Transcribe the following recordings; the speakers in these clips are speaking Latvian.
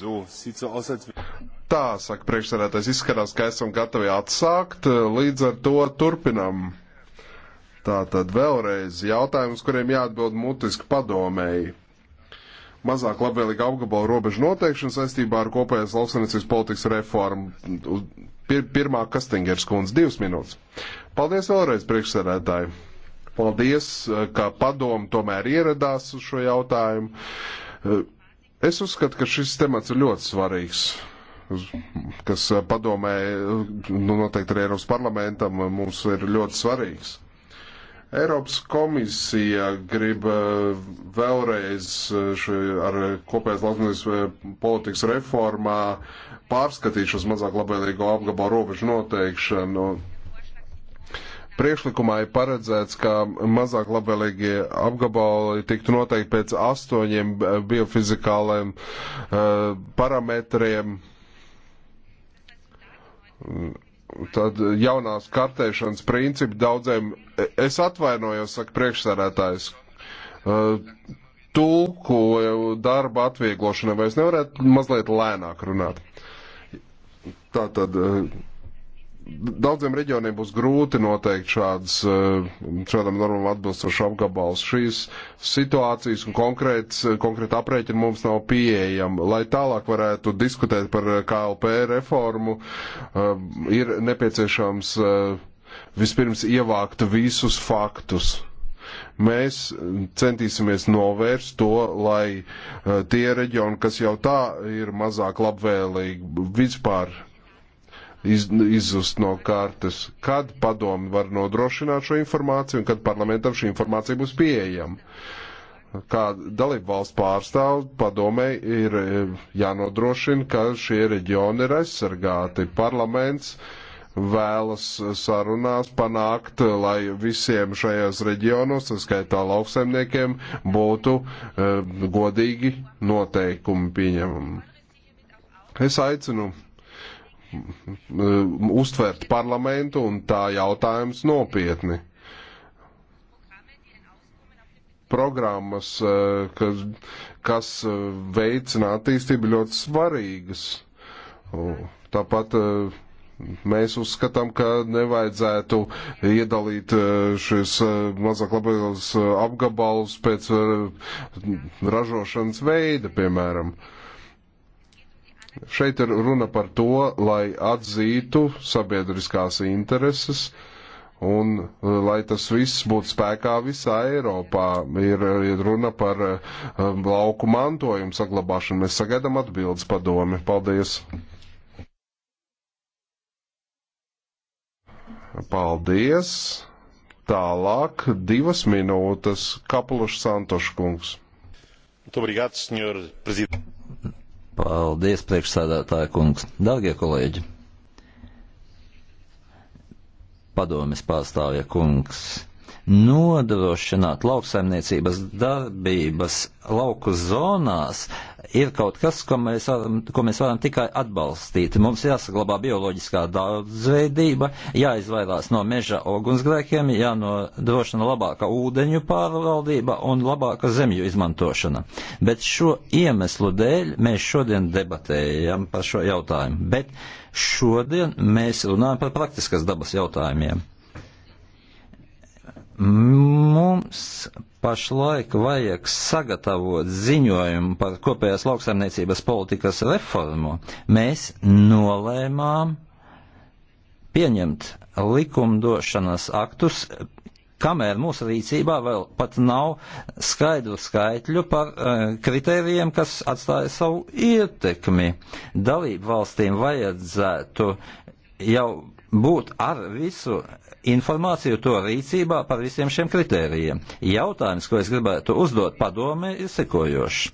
So, sieht so aus, als Tā, saka priekšsēdētājs, izskatās, ka esam gatavi atsākt, līdz ar to turpinam. Tātad vēlreiz jautājums, kuriem jāatbild mutiski padomēji. Mazāk labvēlīga apgabala robežu noteikšana saistībā ar kopējās lauksanicības politikas reformu. Pir pirmā Kastingers kundze, divas minūtes. Paldies vēlreiz priekšsēdētāji. Paldies, ka padomu tomēr ieradās uz šo jautājumu Es uzskatu, ka šis temats ir ļoti svarīgs, kas eh, padomē, nu noteikti arī Eiropas parlamentam eh, mums ir ļoti svarīgs. Eiropas komisija grib eh, vēlreiz ši, ar kopējās lauksaimniecības politikas reformā pārskatīt šos mazāk labvēlīgo apgabalu robežu noteikšanu. No, Priekšlikumā ir paredzēts, ka mazāk labvēlīgie apgabali tiktu noteikti pēc astoņiem biofizikāliem eh, parametriem. Tad jaunās kartēšanas principi daudziem, es atvainojos, saka priekšsēdētājs, eh, tulku darba atvieglošana, vai es nevarētu mazliet lēnāk runāt? Tā tad eh, Daudziem reģioniem būs grūti noteikt šādas, eh, šādam normam atbilstošu apgabals. Šīs situācijas un konkrēts, konkrēta aprēķina mums nav pieejama. Lai tālāk varētu diskutēt par KLP reformu, eh, ir nepieciešams eh, vispirms ievākt visus faktus. Mēs centīsimies novērst to, lai tie reģioni, kas jau tā ir mazāk labvēlīgi, vispār iz, izzust no kārtas. Kad padomi var nodrošināt šo informāciju un kad parlamentam šī informācija būs pieejama? Kā dalību valsts pārstāv padomē ir e, jānodrošina, ka šie reģioni ir aizsargāti. Parlaments vēlas sarunās panākt, lai visiem šajos reģionos, skaitā lauksaimniekiem, būtu uh, godīgi noteikumi pieņemami. Es aicinu uztvert parlamentu un tā jautājums nopietni. Programmas, eh, kas, kas eh, veicina attīstību, ļoti svarīgas. Tāpat eh, mēs uzskatām, ka nevajadzētu iedalīt šis mazāk labvēlīgos apgabalus pēc ražošanas veida, piemēram. Uh, Šeit ir runa par to, lai atzītu sabiedriskās intereses un eh, lai tas viss būtu spēkā visā Eiropā. Ir, ir runa par eh, lauku mantojumu saglabāšanu. Mēs sagaidām atbildes padomi. Paldies! Paldies! Tālāk divas minūtes Kapulušs Santoškungs. Muito obrigado, Sr. Presidente. Paldies, priekšsādātāja kungs. Dargie kolēģi, padomis pārstāvja kungs nodrošināt lauksaimniecības darbības lauku zonās ir kaut kas, ko mēs, varam, ko mēs varam tikai atbalstīt. Mums jāsaglabā bioloģiskā daudzveidība, jāizvairās no meža ogunsgrēkiem, jānodrošina labāka ūdeņu pārvaldība un labāka zemju izmantošana. Bet šo iemeslu dēļ mēs šodien debatējam par šo jautājumu. Bet šodien mēs runājam par praktiskas dabas jautājumiem. Mums pašlaik vajag sagatavot ziņojumu par kopējās lauksaimniecības politikas reformu. Mēs nolēmām pieņemt likumdošanas aktus, kamēr mūsu rīcībā vēl pat nav skaidru skaitļu par uh, kritērijiem, kas atstāja savu ietekmi. Dalību valstīm vajadzētu jau būt ar visu informāciju to rīcībā par visiem šiem kritērijiem. Jautājums, ko es gribētu uzdot padome, ir sekojošs.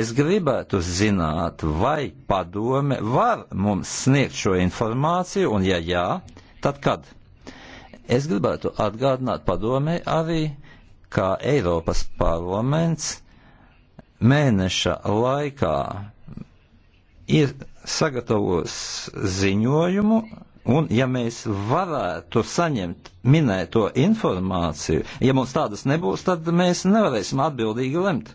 Es gribētu zināt, vai padome var mums sniegt šo informāciju, un ja jā, tad kad? Es gribētu atgādināt padomē arī, kā Eiropas parlaments mēneša laikā ir sagatavos ziņojumu Un, ja mēs varētu saņemt minēto informāciju, ja mums tādas nebūs, tad mēs nevarēsim atbildīgi lemt.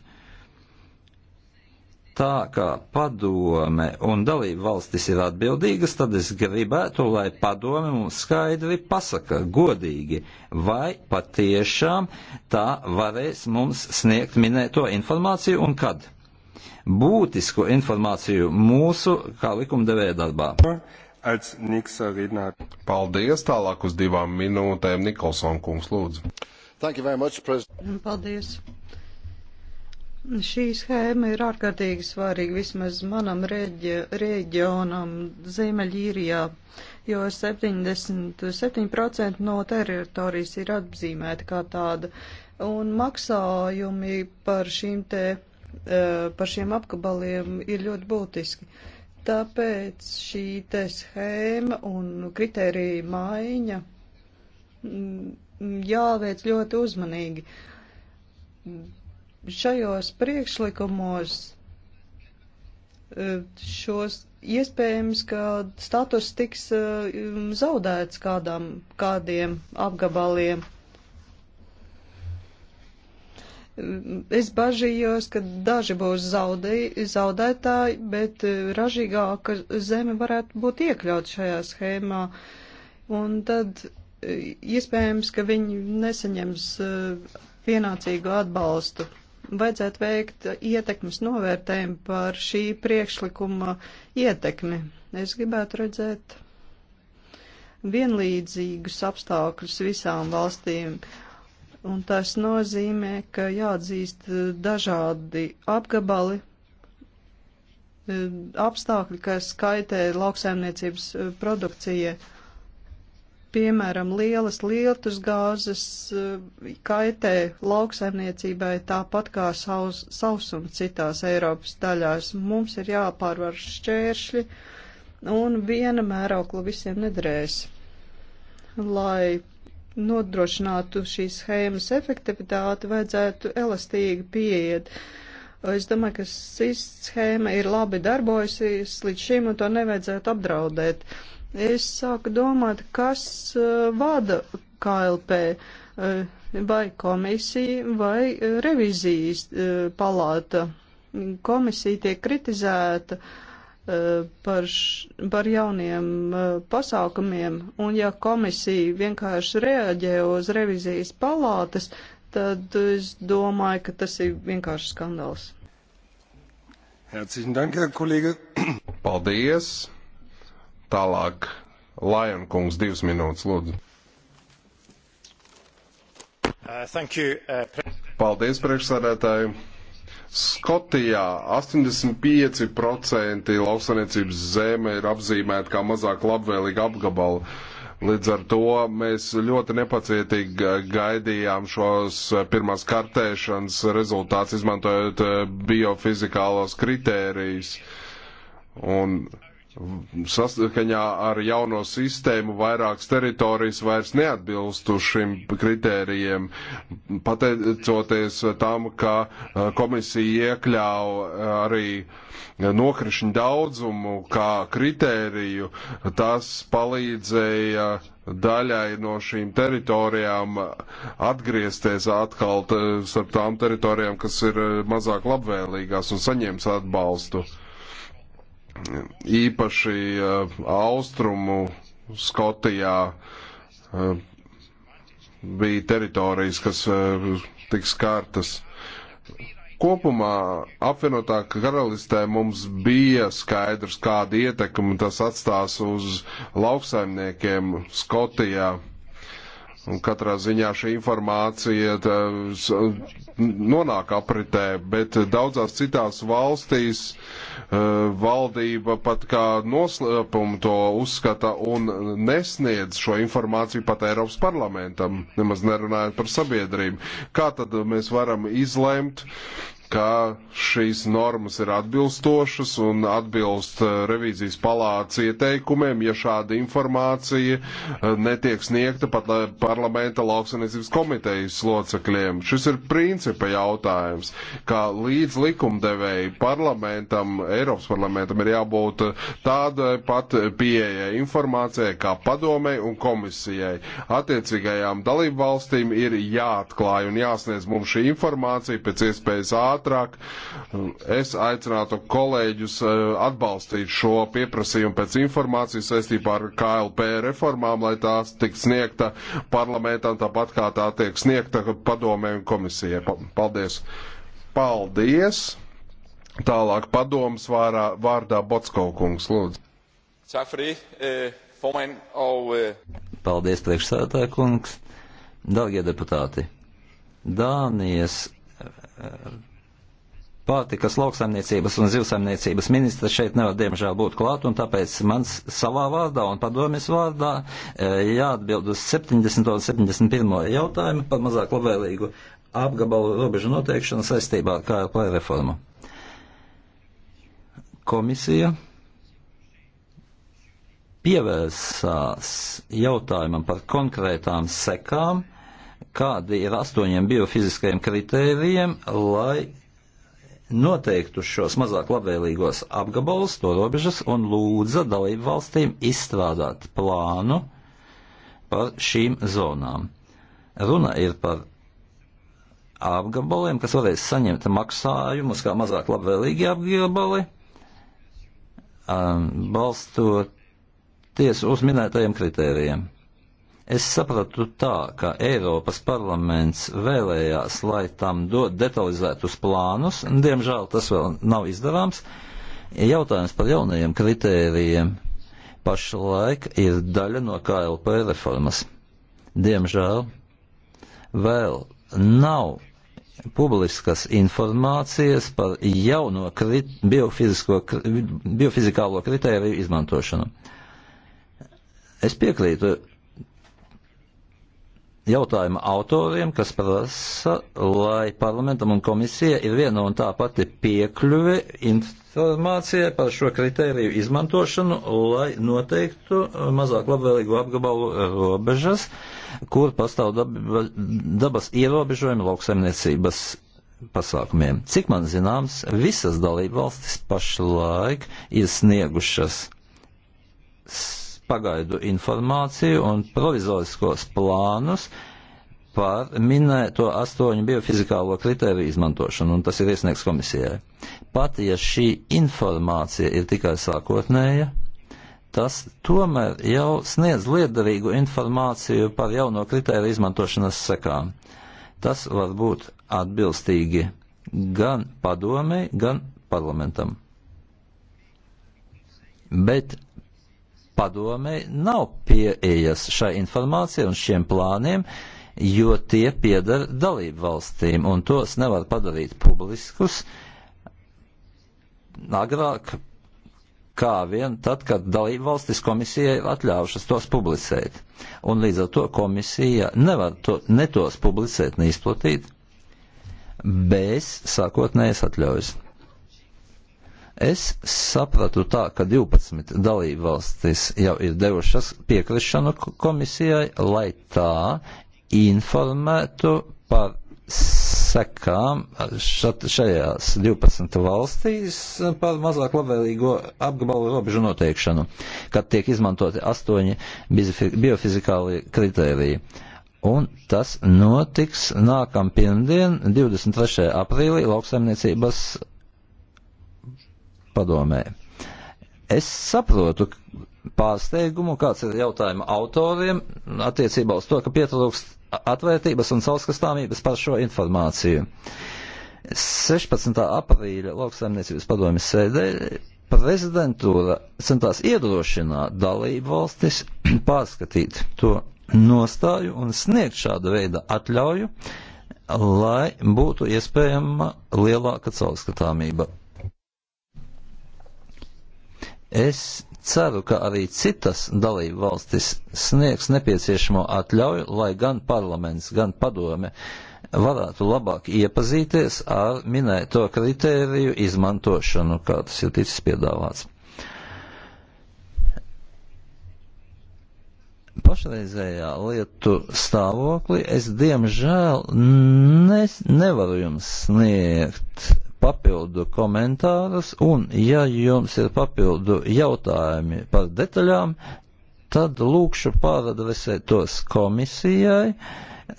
Tā kā padome un dalība valstis ir atbildīgas, tad es gribētu, lai padome mums skaidri pasaka, godīgi, vai patiešām tā varēs mums sniegt minēto informāciju un kad. Būtisku informāciju mūsu kā likumdevēja darbā. Als nächster Redner. Paldies, tālāk uz divām minūtēm Nikolson kungs lūdzu. Thank you very much, President. Paldies. Šī schēma ir ārkārtīgi svarīga vismaz manam reģi, reģionam Ziemeļīrijā, jo 77% no teritorijas ir apzīmēta kā tāda. Un maksājumi par, šīm te, eh, par šiem apgabaliem ir ļoti būtiski. Uh, Tāpēc šī te schēma un kritērija maiņa mm, jāveic ļoti uzmanīgi. Šajos priekšlikumos e, šos iespējams, ka status tiks e, zaudēts kādām, kādiem apgabaliem. Es bažījos, ka daži būs zaudē, zaudētāji, bet eh, ražīgāka zeme varētu būt iekļaut šajā schēmā. Un tad eh, iespējams, ka viņi nesaņems eh, pienācīgu atbalstu. Vajadzētu veikt ietekmes novērtējumu par šī priekšlikuma ietekmi. Es gribētu redzēt vienlīdzīgus apstākļus visām valstīm. Uh, Un tas nozīmē, ka jāatzīst e, dažādi apgabali, e, apstākļi, kas kaitē lauksaimniecības e, produkcijai. Piemēram, lielas lietus gāzes kaitē lauksaimniecībai tāpat kā saus, sausums citās Eiropas daļās. Mums ir jāpārvar šķēršļi un viena mēraukla visiem nedrēs, lai nodrošinātu šīs schēmas efektivitāti, vajadzētu elastīgi pieiet. Es domāju, ka šis schēma ir labi darbojusies līdz šim un to nevajadzētu apdraudēt. Es sāku domāt, kas eh, vada KLP, eh, vai komisija, vai eh, revizijas palāta. Komisija tiek kritizēta uh, Eh, par, š, par jauniem eh, pasākumiem, un ja komisija vienkārši reaģē uz revizijas palātas, tad es domāju, ka tas ir vienkārši skandāls. Herzlichen Dank, Herr Kollege. Paldies. Tālāk, Lajonkungs, divas minūtes, lūdzu. Uh, thank you, uh, Paldies, priekšsādātāji. Skotijā 85% lauksaimniecības zeme ir apzīmēta kā mazāk labvēlīga apgabala. Līdz ar to mēs ļoti nepacietīgi gaidījām šos eh, pirmās kartēšanas rezultātus, izmantojot eh, biofizikālos kritērijus. Un saskaņā ar jauno sistēmu vairākas teritorijas vairs neatbilstu šim kritērijiem, pateicoties tam, ka eh, komisija iekļāva eh, arī nokrišņu daudzumu kā kritēriju, tas palīdzēja daļai no šīm teritorijām atgriezties atkal eh, starp tām teritorijām, kas ir mazāk labvēlīgās un saņems atbalstu. Uh, īpaši austrumu Skotijā bija teritorijas, kas tiks kārtas. Kopumā apvienotā karalistē mums bija skaidrs, kāda ietekme tas atstās uz lauksaimniekiem Skotijā. Un katrā ziņā šī informācija nonāk apritē, bet daudzās citās valstīs e, valdība pat kā noslēpumu to uzskata un nesniedz šo informāciju pat Eiropas parlamentam, nemaz nerunājot par sabiedrību. Kā tad mēs varam izlemt, ka šīs normas ir atbilstošas un atbilst eh, revīzijas palāca ieteikumiem, ja šāda informācija eh, netiek sniegta pat eh, parlamenta lauksainiecības komitejas locekļiem. Šis ir principa jautājums, ka līdz likumdevēju parlamentam, Eiropas parlamentam ir jābūt tāda pat pieeja informācijai kā padomei un komisijai. Attiecīgajām dalību valstīm ir jāatklāj un jāsniedz mums šī informācija pēc iespējas ātrāk ātrāk. Es aicinātu kolēģus eh, atbalstīt šo pieprasījumu pēc informācijas saistībā ar KLP reformām, lai tās tik sniegta parlamentam tāpat kā tā tiek sniegta padomē un komisijai. Paldies! Paldies! Tālāk padomas vārā, vārdā Botskaukungs, lūdzu. Cafri, eh, formen, au, eh. Paldies, priekšsēdētāja kungs. Dārgie deputāti, Dānijas eh, pārtikas lauksaimniecības un zivsaimniecības ministrs šeit nevar, diemžēl, būt klāt, un tāpēc mans savā vārdā un padomjas vārdā e, jāatbild uz 70. un 71. jautājumu par mazāk labvēlīgu apgabalu robežu noteikšanu saistībā ar KLP reformu. Komisija pievērsās jautājumam par konkrētām sekām, kādi ir astoņiem biofiziskajiem kritērijiem, lai noteiktu šos mazāk labvēlīgos apgabalus, to robežas, un lūdza dalību valstīm izstrādāt plānu par šīm zonām. Runa ir par apgabaliem, kas varēs saņemt maksājumus kā mazāk labvēlīgi apgabali, um, balstoties uz minētajiem kritērijiem. Es sapratu tā, ka Eiropas parlaments vēlējās, lai tam dod detalizētus plānus, diemžēl tas vēl nav izdarāms. Jautājums par jaunajiem kritērijiem pašlaik ir daļa no KLP reformas. Diemžēl vēl nav publiskas informācijas par jauno krit, biofizikālo kritēriju izmantošanu. Es piekrītu jautājuma autoriem, kas prasa, lai parlamentam un komisija ir viena un tā pati piekļuve informācijai par šo kritēriju izmantošanu, lai noteiktu mazāk labvēlīgu apgabalu robežas, kur pastāv daba, dabas ierobežojumi lauksaimniecības pasākumiem. Cik man zināms, visas dalība valstis pašlaik ir sniegušas pagaidu informāciju un provizoriskos plānus par minēto astoņu biofizikālo kritēriju izmantošanu, un tas ir iesniegts komisijai. Pat ja šī informācija ir tikai sākotnēja, tas tomēr jau sniedz liederīgu informāciju par jauno kritēriju izmantošanas sekām. Tas var būt atbilstīgi gan padomei, gan parlamentam. Bet padomei nav pieejas šai informācijai un šiem plāniem, jo tie piedara dalību valstīm, un tos nevar padarīt publiskus agrāk, kā vien tad, kad dalību valstis komisijai atļaušas tos publicēt. Un līdz ar to komisija nevar to, ne tos publicēt, neizplatīt bez sākotnējas atļaujas. Es sapratu tā, ka 12 dalībvalstis jau ir devušas piekrišanu komisijai, lai tā informētu par sekām šajās 12 valstīs par mazāk labvēlīgo apgabalu robežu noteikšanu, kad tiek izmantoti astoņi biofizikāli kritēriji. Un tas notiks nākam pirmdien, 23. aprīlī, lauksaimniecības padomē. Es saprotu pārsteigumu, kāds ir jautājuma autoriem attiecībā uz to, ka pietrūkst atvērtības un caurskatāmības par šo informāciju. 16. aprīļa lauksaimniecības padomjas sēdē prezidentūra centās iedrošināt dalību valstis pārskatīt to nostāju un sniegt šāda veida atļauju, lai būtu iespējama lielāka caurskatāmība Es ceru, ka arī citas dalību valstis sniegs nepieciešamo atļauju, lai gan parlaments, gan padome varētu labāk iepazīties ar minēto kritēriju izmantošanu, kā tas ir ticis piedāvāts. Pašreizējā lietu stāvoklī es diemžēl ne, nevaru jums sniegt papildu komentārus, un ja jums ir papildu jautājumi par detaļām, tad lūkšu pāradresēt tos komisijai.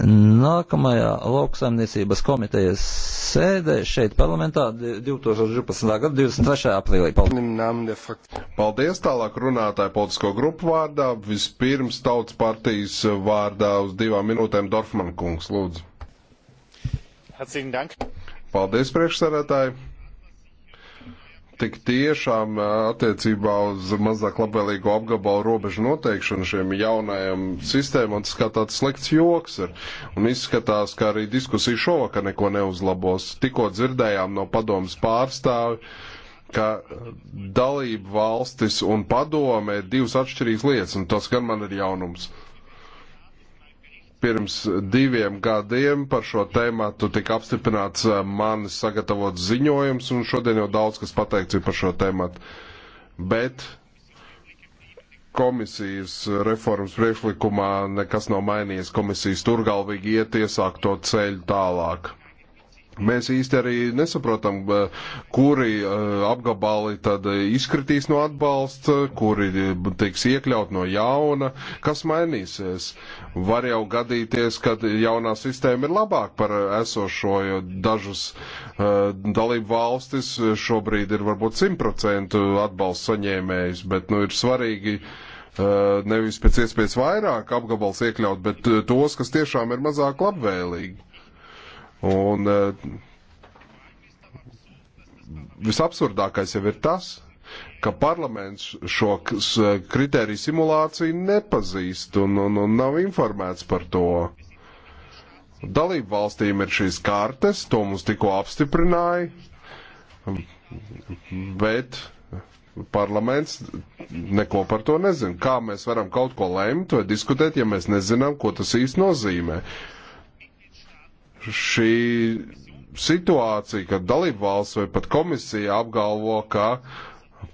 Nākamajā lauksaimniecības komitejas sēdē šeit parlamentā 2012. gada 23. aprīlī. Paldies. Paldies tālāk runātāju politisko grupu vārdā. Vispirms tautas partijas vārdā uz divām minūtēm Dorfman kungs, lūdzu. Herzlichen Dank. Paldies, priekšsarētāji! Tik tiešām attiecībā uz mazāk labvēlīgo apgabalu robežu noteikšanu šiem jaunajam sistēmam tas kā tāds slikts joks ir. Un izskatās, ka arī diskusija šovakar neko neuzlabos. Tikko dzirdējām no padomas pārstāvi, ka dalību valstis un padome ir divas atšķirīgas lietas, un tas gan man ir jaunums pirms diviem gadiem par šo tēmatu tika apstiprināts eh, manis sagatavots ziņojums, un šodien jau daudz kas pateikts ir par šo tēmatu. Bet komisijas reformas priekšlikumā nekas nav mainījies. Komisijas turgalvīgi iet iesākto ceļu tālāk. Mēs īsti arī nesaprotam, eh, kuri eh, apgabali tad eh, izkritīs no atbalsta, kuri tiks iekļaut no jauna, kas mainīsies. Var jau gadīties, ka jaunā sistēma ir labāka par esošo, jo dažas dalību valstis šobrīd ir varbūt 100% atbalsts saņēmējs, bet nu ir svarīgi nevis pēc iespējas vairāk apgabals iekļaut, bet tos, kas tiešām ir mazāk labvēlīgi. Un eh, visabsurdākais jau ir tas, ka parlaments šo kritēriju simulāciju nepazīst un, un, un nav informēts par to. Dalību valstīm ir šīs kartes, to mums tikko apstiprināja, bet parlaments neko par to nezina. Kā mēs varam kaut ko lemt vai diskutēt, ja mēs nezinām, ko tas īsti nozīmē? Uh, šī situācija, kad dalību valsts vai pat komisija apgalvo, ka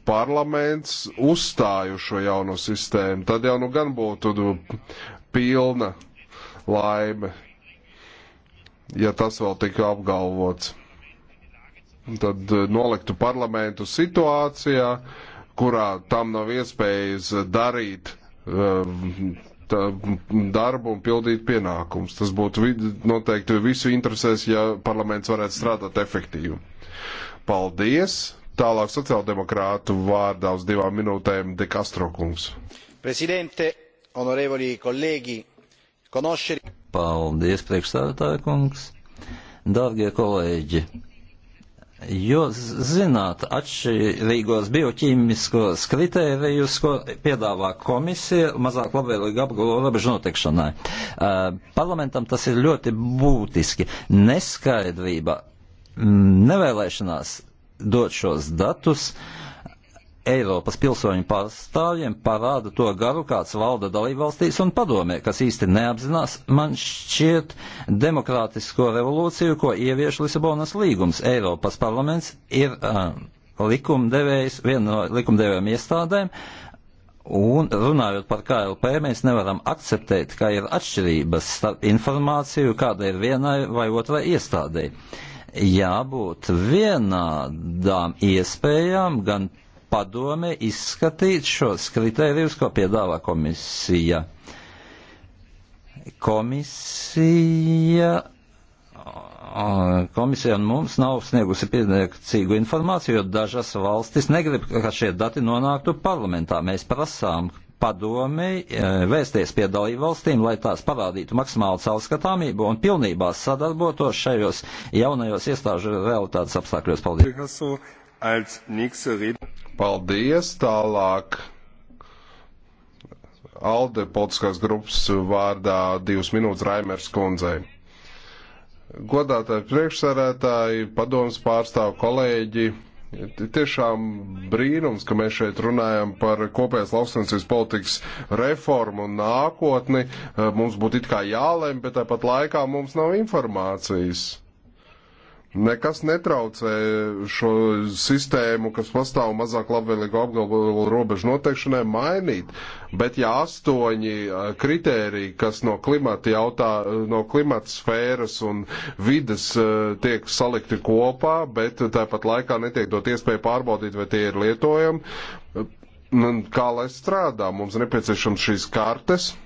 parlaments uzstāju šo jauno sistēmu, tad jau nu gan būtu pilna laime, ja tas vēl tika apgalvots. Tad e, noliktu parlamentu situācijā, kurā tam nav iespējas darīt e, darbu un pildīt pienākums. Tas būtu noteikti visu interesēs, ja parlaments varētu strādāt efektīvi. Paldies! Tālāk sociāldemokrātu vārdā uz divām minūtēm De Castro kungs. Presidente, onorevoli kolēģi, konošeri. Paldies, priekšstādātāja kungs. Dārgie kolēģi, jo zināt atšķirīgos bioķīmiskos kritērijus, ko piedāvā komisija mazāk labvēlīga apgalo robežu noteikšanai. Uh, parlamentam tas ir ļoti būtiski. Neskaidrība, nevēlēšanās dot šos datus uh, Eiropas pilsoņu pārstāvjiem parāda to garu, kāds valda dalībvalstīs un padomē, kas īsti neapzinās, man šķiet, demokrātisko revolūciju, ko ievieš Lisabonas līgums. Eiropas parlaments ir uh, likumdevējs, viena no likumdevējiem iestādēm, un runājot par KLP, mēs nevaram akceptēt, ka ir atšķirības starp informāciju, kāda ir vienai vai otrai iestādēji jābūt vienādām iespējām gan padome izskatīt šos kritērijus, ko piedāvā komisija. Komisija komisija un mums nav sniegusi pienācīgu informāciju, jo dažas valstis negrib, ka šie dati nonāktu parlamentā. Mēs prasām padomi e, vēsties pie dalību valstīm, lai tās parādītu maksimālu caurskatāmību un pilnībā sadarbotos šajos jaunajos iestāžu realitātes apstākļos. Paldies! Paldies. Tālāk Alde politiskās grupas vārdā divas minūtes Raimers kundzei. Godātāji priekšsarētāji, padomas pārstāv kolēģi, tiešām brīnums, ka mēs šeit runājam par kopējās lauksaimniecības politikas reformu un nākotni. Mums būtu it kā jālem, bet tāpat laikā mums nav informācijas Nekas netraucē šo sistēmu, kas pastāv mazāk labvēlīgu apgabalu robežu noteikšanai, mainīt. Bet ja astoņi kritēriji, kas no klimata, jautā, no klimata sfēras un vides tiek salikti kopā, bet tāpat laikā netiek dot iespēju pārbaudīt, vai tie ir lietojami, nu, kā lai strādā, mums nepieciešams šīs kartes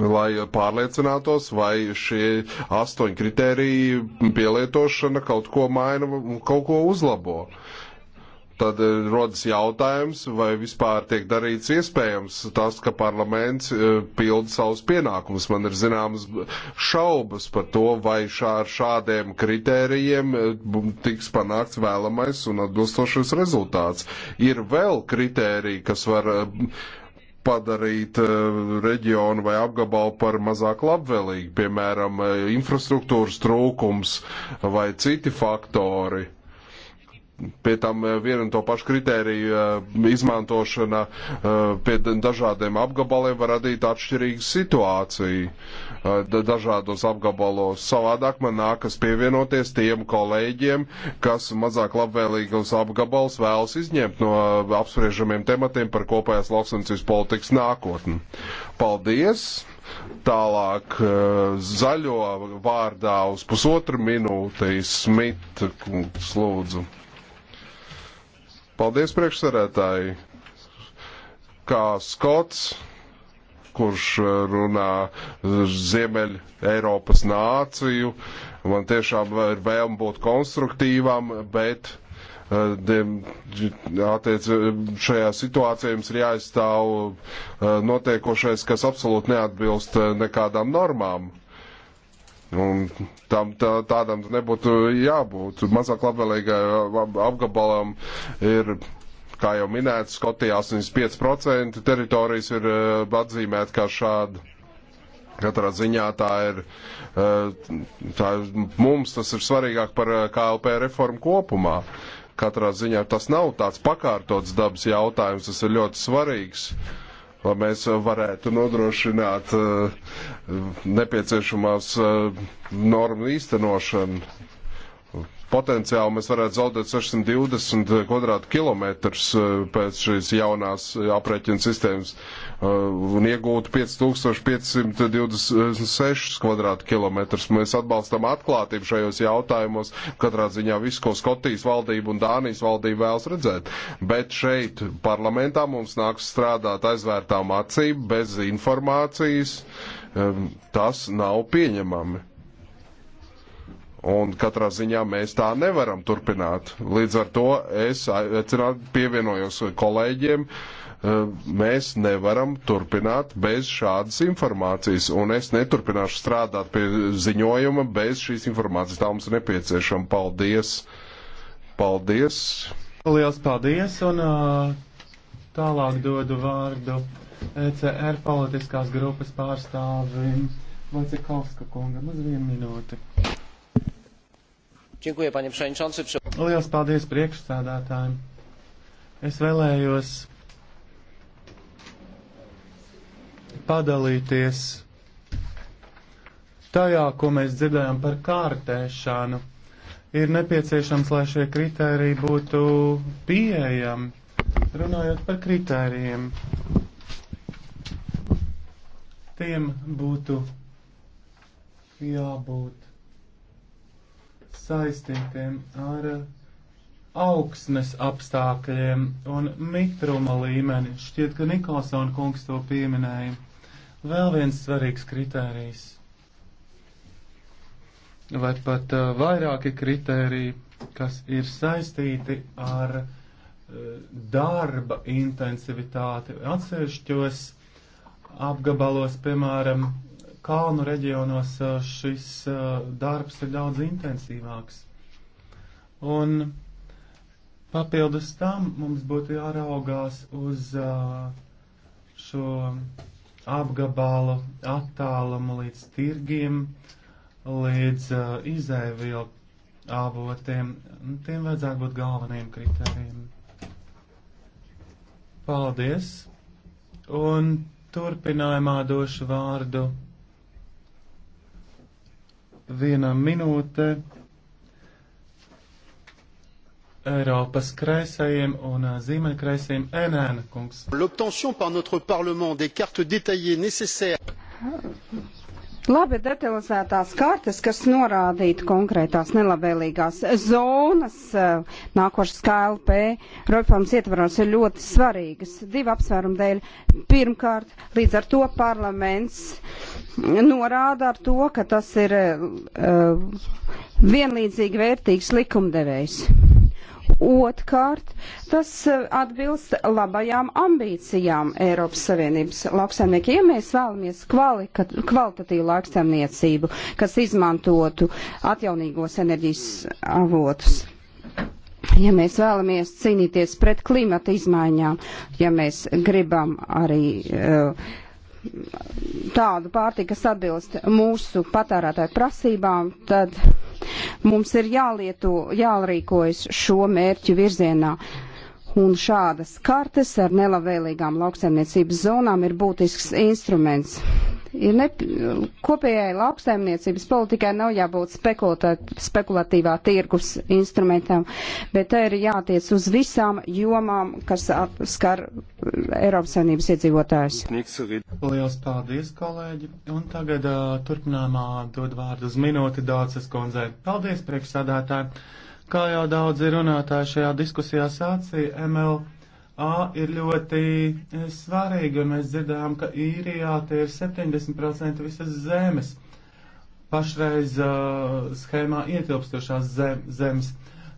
lai pārliecinātos, vai šie astoņi kritēriji pielietošana kaut ko maina, kaut ko uzlabo. Tad eh, rodas jautājums, vai vispār tiek darīts iespējams tas, ka parlaments eh, pilda savus pienākumus. Man ir zināmas šaubas par to, vai šā, ar šādiem kritērijiem eh, tiks panākts vēlamais un atbilstošais rezultāts. Ir vēl kritēriji, kas var uh, padarīt eh, reģionu vai apgabalu par mazāk labvēlīgu, piemēram, eh, infrastruktūras trūkums vai citi faktori pie tam eh, vienu un to pašu kritēriju eh, izmantošana eh, pie dažādiem apgabaliem var radīt atšķirīgu situāciju dažādos apgabalos. Savādāk man nākas pievienoties tiem kolēģiem, kas mazāk labvēlīgos apgabals vēlas izņemt no apspriežamiem tematiem par kopējās lauksaimniecības politikas nākotni. Paldies! Tālāk zaļo vārdā uz pusotru minūti Smita kungs lūdzu. Paldies priekšsarētāji. Kā Skots, kurš runā Ziemeļ Eiropas nāciju, man tiešām ir vēlme būt konstruktīvam, bet attiec, šajā situācijā jums ir jāizstāv notiekošais, kas absolūti neatbilst nekādām normām. Un tam, tā, tādam nebūtu jābūt. Mazāk labvēlīgā apgabalam ir, kā jau minēts, Skotijā 85% teritorijas ir eh, atzīmēta kā šāda. Katrā ziņā tā ir, eh, tā mums tas ir svarīgāk par eh, KLP reformu kopumā. Katrā ziņā tas nav tāds pakārtots dabas jautājums, tas ir ļoti svarīgs. Uh, lai mēs varētu nodrošināt eh, nepieciešamās eh, normu īstenošanu Potenciāli mēs varētu zaudēt 620 kvadrātkilometrus eh, pēc šīs jaunās aprēķina sistēmas eh, un iegūtu 5526 kvadrātkilometrus. Mēs atbalstam atklātību šajos jautājumos, katrā ziņā visu, ko Skotijas valdība un Dānijas valdība vēlas redzēt. Bet šeit parlamentā mums nāks strādāt aizvērtām acīm, bez informācijas. Tas nav pieņemami. Un katrā ziņā mēs tā nevaram turpināt. Līdz ar to es aicinātu pievienojos kolēģiem. E, mēs nevaram turpināt bez šādas informācijas, un es neturpināšu strādāt pie ziņojuma bez šīs informācijas. Tā mums ir nepieciešama. Paldies! Paldies! Lielas paldies! Un tālāk dodu vārdu ECR politiskās grupas pārstāvim Vacekovska kungam uz vienu minūti. Činkuja, paņem šaņšansi. Liels paldies priekšstādātājiem. Es vēlējos padalīties tajā, ko mēs dzirdējām par kārtēšanu. Ir nepieciešams, lai šie kritēriji būtu pieejami. Runājot par kritērijiem, tiem būtu jābūt saistītiem ar eh, augsnes apstākļiem un mitruma līmeni. Šķiet, ka Nikolsona kungs to pieminēja. Vēl viens svarīgs kritērijs, vai pat uh, vairāki kritēriji, kas ir saistīti ar uh, darba intensivitāti. Atsevišķos apgabalos, piemēram, kalnu reģionos šis darbs ir daudz intensīvāks. Un papildus tam mums būtu jāraugās uz šo apgabalu attālumu līdz tirgiem, līdz izēvielu avotiem. Tiem vajadzētu būt galvenajiem kritērijiem. Paldies! Un turpinājumā došu vārdu viena minūte Eiropas kreisajiem un ziemeļkreisajiem NN kungs. L'obtention par notre parlement des cartes détaillées nécessaires. Labi detalizētās kartes, kas norādītu konkrētās nelabvēlīgās zonas eh, nākošas KLP reformas ietvaros ir ļoti svarīgas divu apsvērumu dēļ. Pirmkārt, līdz ar to parlaments norāda ar to, ka tas ir uh, vienlīdzīgi vērtīgs likumdevējs. Otkārt, tas eh, atbilst labajām ambīcijām Eiropas Savienības lauksaimniekiem. Ja mēs vēlamies kvalika, kvalitatīvu lauksaimniecību, kas izmantotu atjaunīgos enerģijas avotus, ja mēs vēlamies cīnīties pret klimata izmaiņām, ja mēs gribam arī. Uh, tādu pārtiku, kas atbilst mūsu patērētāju prasībām, tad Mums ir jālieto, jālrīkojas šo mērķu virzienā. Un šādas kartes ar nelabvēlīgām lauksaimniecības zonām ir būtisks instruments ir ne, kopējai lauksaimniecības politikai nav jābūt spekulatīvā tirgus instrumentam, bet tā ir jātiec uz visām jomām, kas skar Eiropas saimnības iedzīvotājus. Lielas paldies, kolēģi! Un tagad uh, turpinājumā dod vārdu uz minūti daudzas kundzei. Paldies, priekšsādātāji! Kā jau daudzi runātāji šajā diskusijā sācīja, ML A ir ļoti eh, svarīga, un mēs dzirdējām, ka īrijā tie ir 70% visas zemes. Pašreiz uh, schēmā ietilpstošās zem, zemes.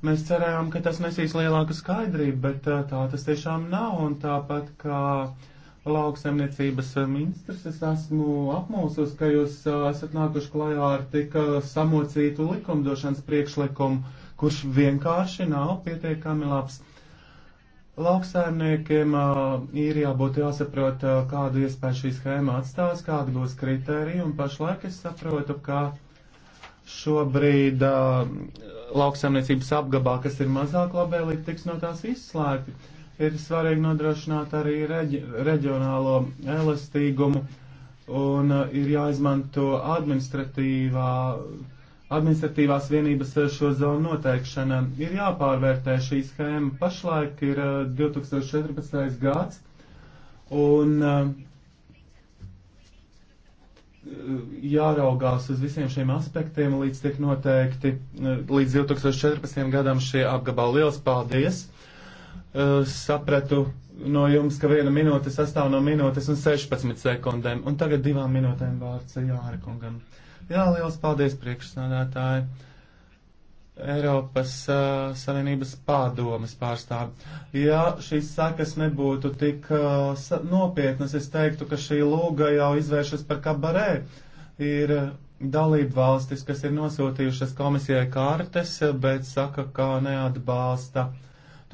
Mēs cerējām, ka tas nesīs lielāku skaidrību, bet uh, tā tas tiešām nav, un tāpat kā lauksemniecības ministrs, es esmu apmulsus, ka jūs uh, esat nākuši klajā ar tik samocītu likumdošanas priekšlikumu, kurš vienkārši nav pietiekami labs. Uh, Lauksaimniekiem ir jābūt jāsaprot, kādu iespēju šī schēma atstās, kāda būs kritērija, un pašlaik es saprotu, ka šobrīd lauksaimniecības apgabā, kas ir mazāk labēlīgi, tiks no tās izslēgti. Ir svarīgi nodrošināt arī reģi reģionālo elastīgumu un ir jāizmanto administratīvā administratīvās vienības eh, šo zonu noteikšana. Ir jāpārvērtē šī schēma. Pašlaik ir 2014. Eh, gads, un eh, jāraugās uz visiem šiem aspektiem, līdz tiek noteikti, līdz 2014. gadam šie apgabali. Liels paldies! Sapratu no jums, ka viena minūte sastāv no minūtes un 16 sekundēm, un tagad divām minūtēm vārds Jāra kungam. Uh, Jā, liels paldies priekšsādātāji. Eiropas uh, Savienības pārdomas pārstāvi. Ja šīs sakas nebūtu tik uh, nopietnas, es teiktu, ka šī lūga jau izvēršas par kabarē. Ir dalību valstis, kas ir nosūtījušas komisijai kartes, bet saka, ka neatbalsta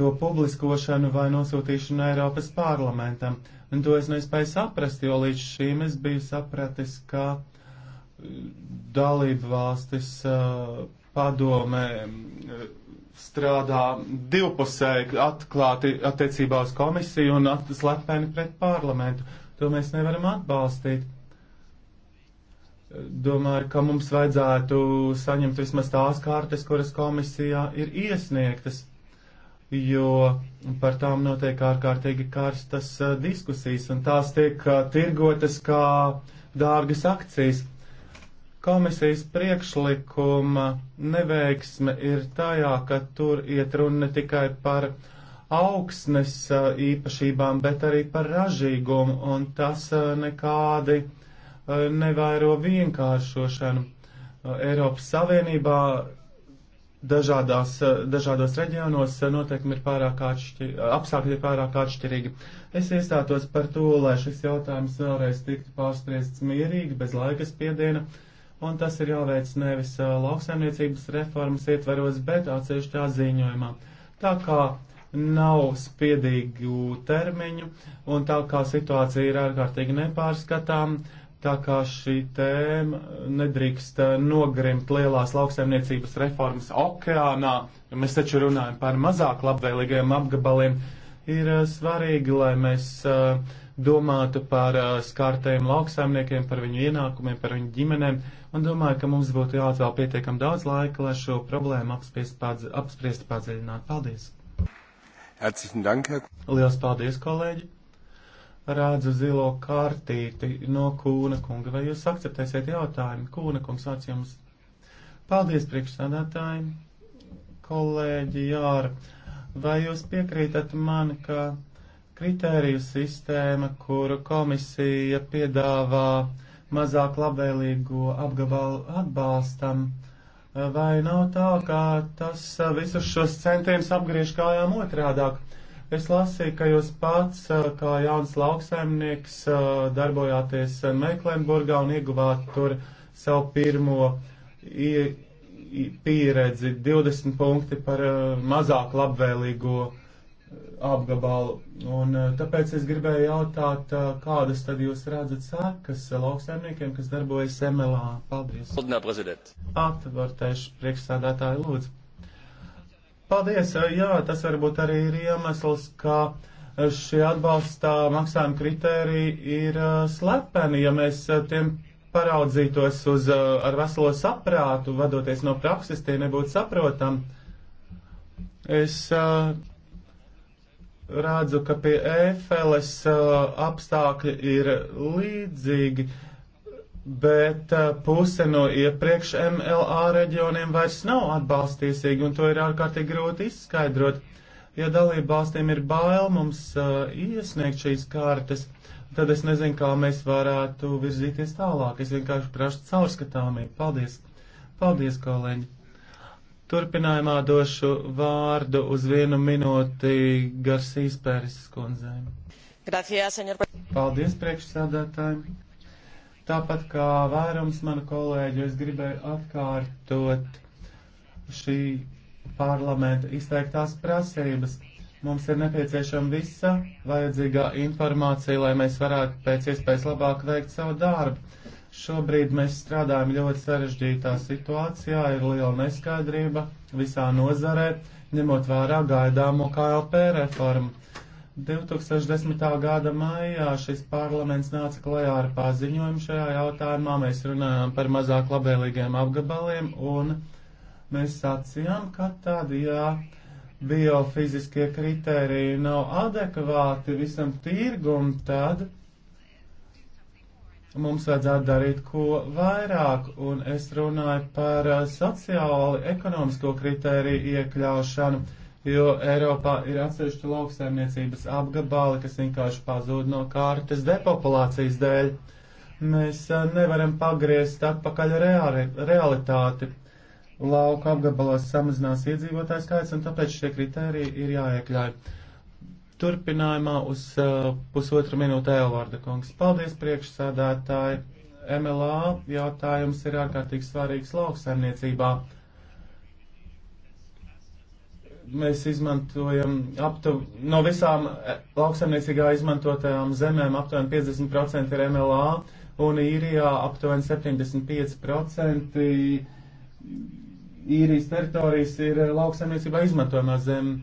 to publiskošanu vai nosūtīšanu Eiropas parlamentam. Un to es nespēju saprast, jo līdz šīm es biju sapratis, ka dalību valstis eh, padomē eh, strādā divpusēji atklāti attiecībā uz komisiju un slepeni pret parlamentu. To mēs nevaram atbalstīt. Domāju, ka mums vajadzētu saņemt vismaz tās kartes, kuras komisijā ir iesniegtas, jo par tām notiek ārkārtīgi karstas eh, diskusijas, un tās tiek tirgotas kā dārgas akcijas Komisijas priekšlikuma neveiksme ir tajā, ka tur iet runa ne tikai par augsnes īpašībām, bet arī par ražīgumu, un tas nekādi nevairo vienkāršošanu. Eiropas Savienībā dažādās, dažādos reģionos noteikumi ir pārāk atšķirīgi, apstākļi ir pārāk atšķirīgi. Es iestātos par to, lai šis jautājums vēlreiz tiktu pārspriests mierīgi, bez laikas piediena. Uh, un tas ir jāveic nevis uh, lauksaimniecības reformas ietveros, bet atsevišķā ziņojumā. Tā kā nav spiedīgu termiņu un tā kā situācija ir ārkārtīgi nepārskatām, tā kā šī tēma nedrīkst nogrimt lielās lauksaimniecības reformas okeānā, jo mēs taču runājam par mazāk labvēlīgiem apgabaliem, ir uh, svarīgi, lai mēs uh, domātu par skārtējiem lauksaimniekiem, par viņu ienākumiem, par viņu ģimenēm, un domāju, ka mums būtu jāatvēl pietiekam daudz laika, lai šo problēmu apspriestu padziļināt. Paldies! Herzlichen Dank, Herr. Lielas paldies, kolēģi! Rādzu zilo kārtīti no Kūna kunga. Vai jūs akceptēsiet jautājumu? Kūna kungs, vārds jums. Paldies, priekšsādātāji! Kolēģi Jāra, vai jūs piekrītat man, ka kritēriju sistēma, kuru komisija piedāvā, mazāk labvēlīgo apgabalu atbalstam. Vai nav tā, ka tas eh, visus šos centienus apgriež kājām otrādāk? Es lasīju, ka jūs pats, eh, kā jauns lauksaimnieks, eh, darbojāties Meiklenburgā un ieguvāt tur savu pirmo pieredzi 20 punkti par mazāk labvēlīgo apgabalu. Un eh, tāpēc es gribēju jautāt, eh, kādas tad jūs redzat sākas eh, lauksaimniekiem, kas darbojas MLA? Paldies. Atvartēšu priekšsādātāju lūdzu. Paldies, jā, tas varbūt arī ir iemesls, ka šie atbalsta maksājuma kritēriji ir slepeni, ja mēs tiem paraudzītos uz ar veselo saprātu, vadoties no prakses, tie nebūtu saprotami. Es uh, redzu, ka pie Ēfeles uh, apstākļi ir līdzīgi, bet uh, puse no iepriekš MLA reģioniem vairs nav atbalstīsīgi, un to ir ārkārtīgi grūti izskaidrot. Ja dalību valstīm ir bail mums uh, iesniegt šīs kārtas, tad es nezinu, kā mēs varētu virzīties tālāk. Es vienkārši prašu caurskatāmību. Paldies! Paldies, kolēģi! Turpinājumā došu vārdu uz vienu minūti Garcijas Pēris skundzēm. Paldies priekšsādātājiem. Tāpat kā vairums manu kolēģu, es gribēju atkārtot šī parlamenta izteiktās prasības. Mums ir nepieciešama visa vajadzīgā informācija, lai mēs varētu pēc iespējas labāk veikt savu darbu. Šobrīd mēs strādājam ļoti sarežģītā situācijā, ir liela neskaidrība visā nozarē, ņemot vērā gaidāmo KLP reformu. 2010. gada maijā šis parlaments nāca klajā ar paziņojumu šajā jautājumā. Mēs runājām par mazāk labvēlīgiem apgabaliem un mēs sacījām, ka tad, ja biofiziskie kritēriji nav adekvāti visam tirgum, tad mums vajadzētu darīt ko vairāk, un es runāju par eh, sociāli ekonomisko kritēriju iekļaušanu, jo Eiropā ir atsevišķi lauksaimniecības apgabali, kas vienkārši pazūd no kārtas depopulācijas dēļ. Mēs eh, nevaram pagriezt atpakaļ reāli, realitāti. Lauka apgabalos samazinās iedzīvotāju skaits, un tāpēc šie kritēriji ir jāiekļauj. Turpinājumā uz uh, pusotra minūte Elvārda kungs. Paldies priekšsādātāji. MLA jautājums ir ārkārtīgi svarīgs lauksaimniecībā. Mēs izmantojam aptu, no visām eh, lauksaimniecīgā izmantotajām zemēm aptuveni 50% ir MLA un īrijā aptuveni 75% īrijas teritorijas ir eh, lauksaimniecībā izmantojamā zeme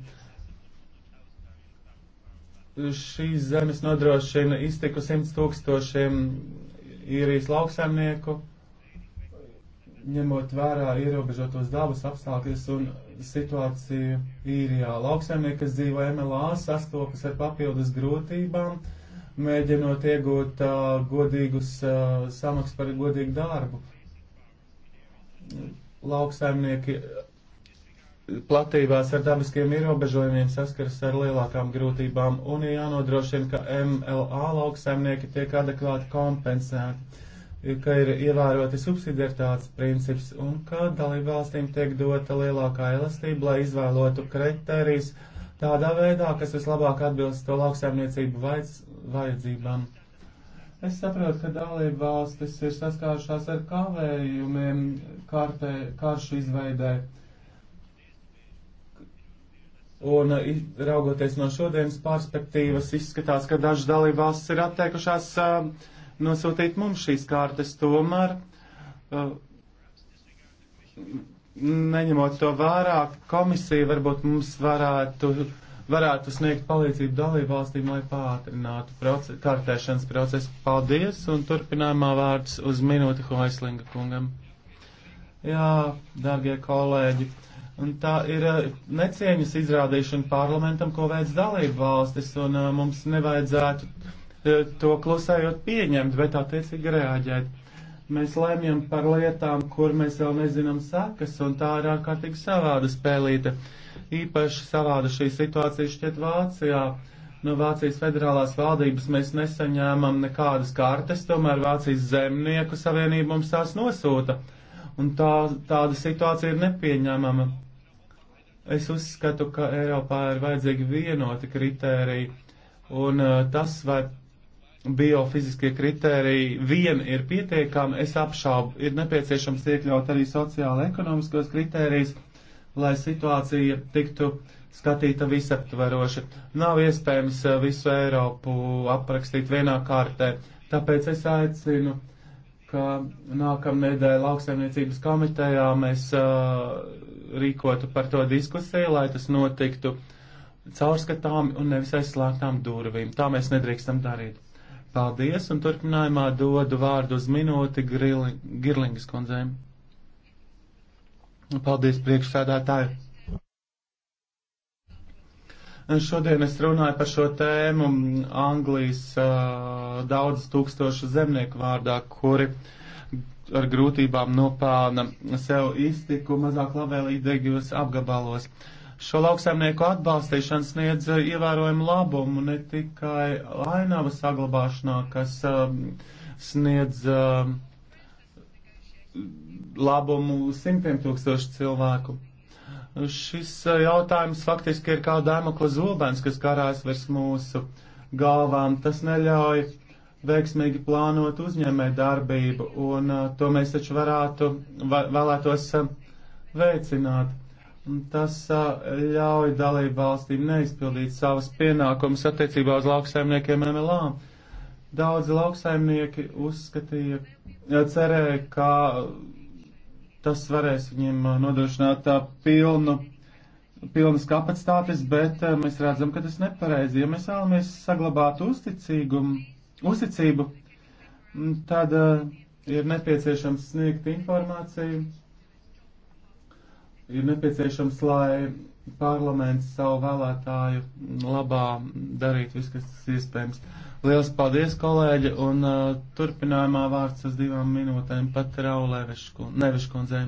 šīs zemes nodrošina iztiku simts tūkstošiem īrijas lauksaimnieku, ņemot vērā ierobežotos dabas apstākļus un situāciju īrijā. Lauksaimnieki, kas dzīvo MLA, sastopas ar papildus grūtībām, mēģinot iegūt uh, godīgus uh, samaks par godīgu darbu. Lauksaimnieki platībās ar dabiskiem ierobežojumiem saskaras ar lielākām grūtībām un ir jānodrošina, ka MLA lauksaimnieki tiek adekvāti kompensēti, ka ir ievēroti subsidiaritātes princips un ka dalībvalstīm tiek dota lielākā elastība, lai izvēlotu kritērijus tādā veidā, kas vislabāk atbilst to lauksaimniecību vajadz, vajadzībām. Es saprotu, ka dalība valstis ir saskārušās ar kavējumiem kārtē, karšu izveidē. Uh, Un uh, raugoties no šodienas perspektīvas, izskatās, ka dažas dalībvalstis ir atteikušās uh, nosūtīt mums šīs kārtas. Tomēr, uh, neņemot to vērā, komisija varbūt mums varētu, varētu sniegt palīdzību dalībvalstīm, lai pātrinātu proces, kārtēšanas procesu. Paldies! Un turpinājumā vārds uz minūti Hoislinga kungam. Jā, dārgie kolēģi! Un tā ir eh, necieņas izrādīšana parlamentam, ko veids dalību valstis, un eh, mums nevajadzētu eh, to klusējot pieņemt, bet attiecīgi reaģēt. Mēs lēmjam par lietām, kur mēs vēl nezinām sakas, un tā ir ārkārtīgi savāda spēlīte. Īpaši savāda šī situācija šķiet Vācijā. No Vācijas federālās valdības mēs nesaņēmām nekādas kartes, tomēr Vācijas zemnieku savienība mums tās nosūta. Un tā, tāda situācija ir nepieņemama Es uzskatu, ka Eiropā ir vajadzīgi vienoti kritēriji, un uh, tas, vai biofiziskie kritēriji vien ir pietiekami, es apšaubu, ir nepieciešams iekļaut arī sociāli ekonomiskos kritērijus, lai situācija tiktu skatīta visaptveroši. Nav iespējams uh, visu Eiropu aprakstīt vienā kārtē, tāpēc es aicinu, ka nākamnedēļ lauksaimniecības komitejā mēs uh, rīkotu par to diskusiju, lai tas notiktu caurskatāmi un nevis aizslēgtām durvīm. Tā mēs nedrīkstam darīt. Paldies, un turpinājumā dodu vārdu uz minūti Grili, Girlingas kundzēm. Paldies, priekšsēdētāji! Šodien es runāju par šo tēmu Anglijas uh, daudz tūkstošu zemnieku vārdā, kuri uh, ar grūtībām nopelna sev iztiku mazāk labvēlīgos apgabalos. Šo lauksaimnieku atbalstīšana sniedz eh, ievērojumu labumu ne tikai ainava saglabāšanā, kas uh, sniedz uh, labumu simtiem tūkstošu cilvēku. Šis jautājums faktiski ir kā Dēmokla zobens, kas karājas virs mūsu galvām. Tas neļauj uh, veiksmīgi plānot uzņēmē darbību, un uh, to mēs taču varētu, vēlētos uh, veicināt. Tas uh, ļauj dalību valstīm neizpildīt savas pienākumus attiecībā uz lauksaimniekiem MLA. Daudzi lauksaimnieki uzskatīja, cerēja, ka tas varēs viņiem nodrošināt tā pilnu, pilnas kapacitātes, bet mēs redzam, ka tas nepareizi. Ja mēs vēlamies saglabāt uzticīgumu uzticību, mm, tad eh, ir nepieciešams sniegt informāciju, ir nepieciešams, lai parlaments savu vēlētāju labā darītu visu, kas tas iespējams. Liels paldies, kolēģi, un uh, turpinājumā vārds uz divām minūtēm pat Raulēvišku, Neviškundzei.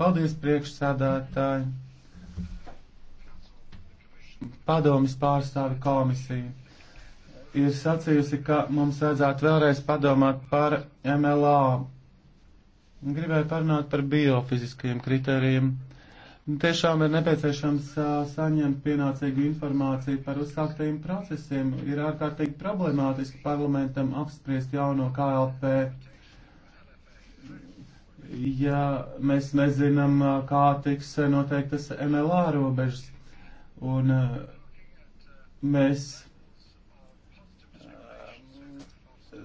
Paldies, priekšsādātāji! Padomis pārstāvi komisiju ir sacījusi, ka mums vajadzētu vēlreiz padomāt par MLA. Gribēju parunāt par biofiziskajiem kritērijiem. Tiešām ir nepieciešams uh, saņemt pienācīgu informāciju par uzsāktajiem procesiem. Ir ārkārtīgi problemātiski parlamentam apspriest jauno KLP. Ja mēs nezinām, kā tiks noteiktas MLA robežas, un uh, mēs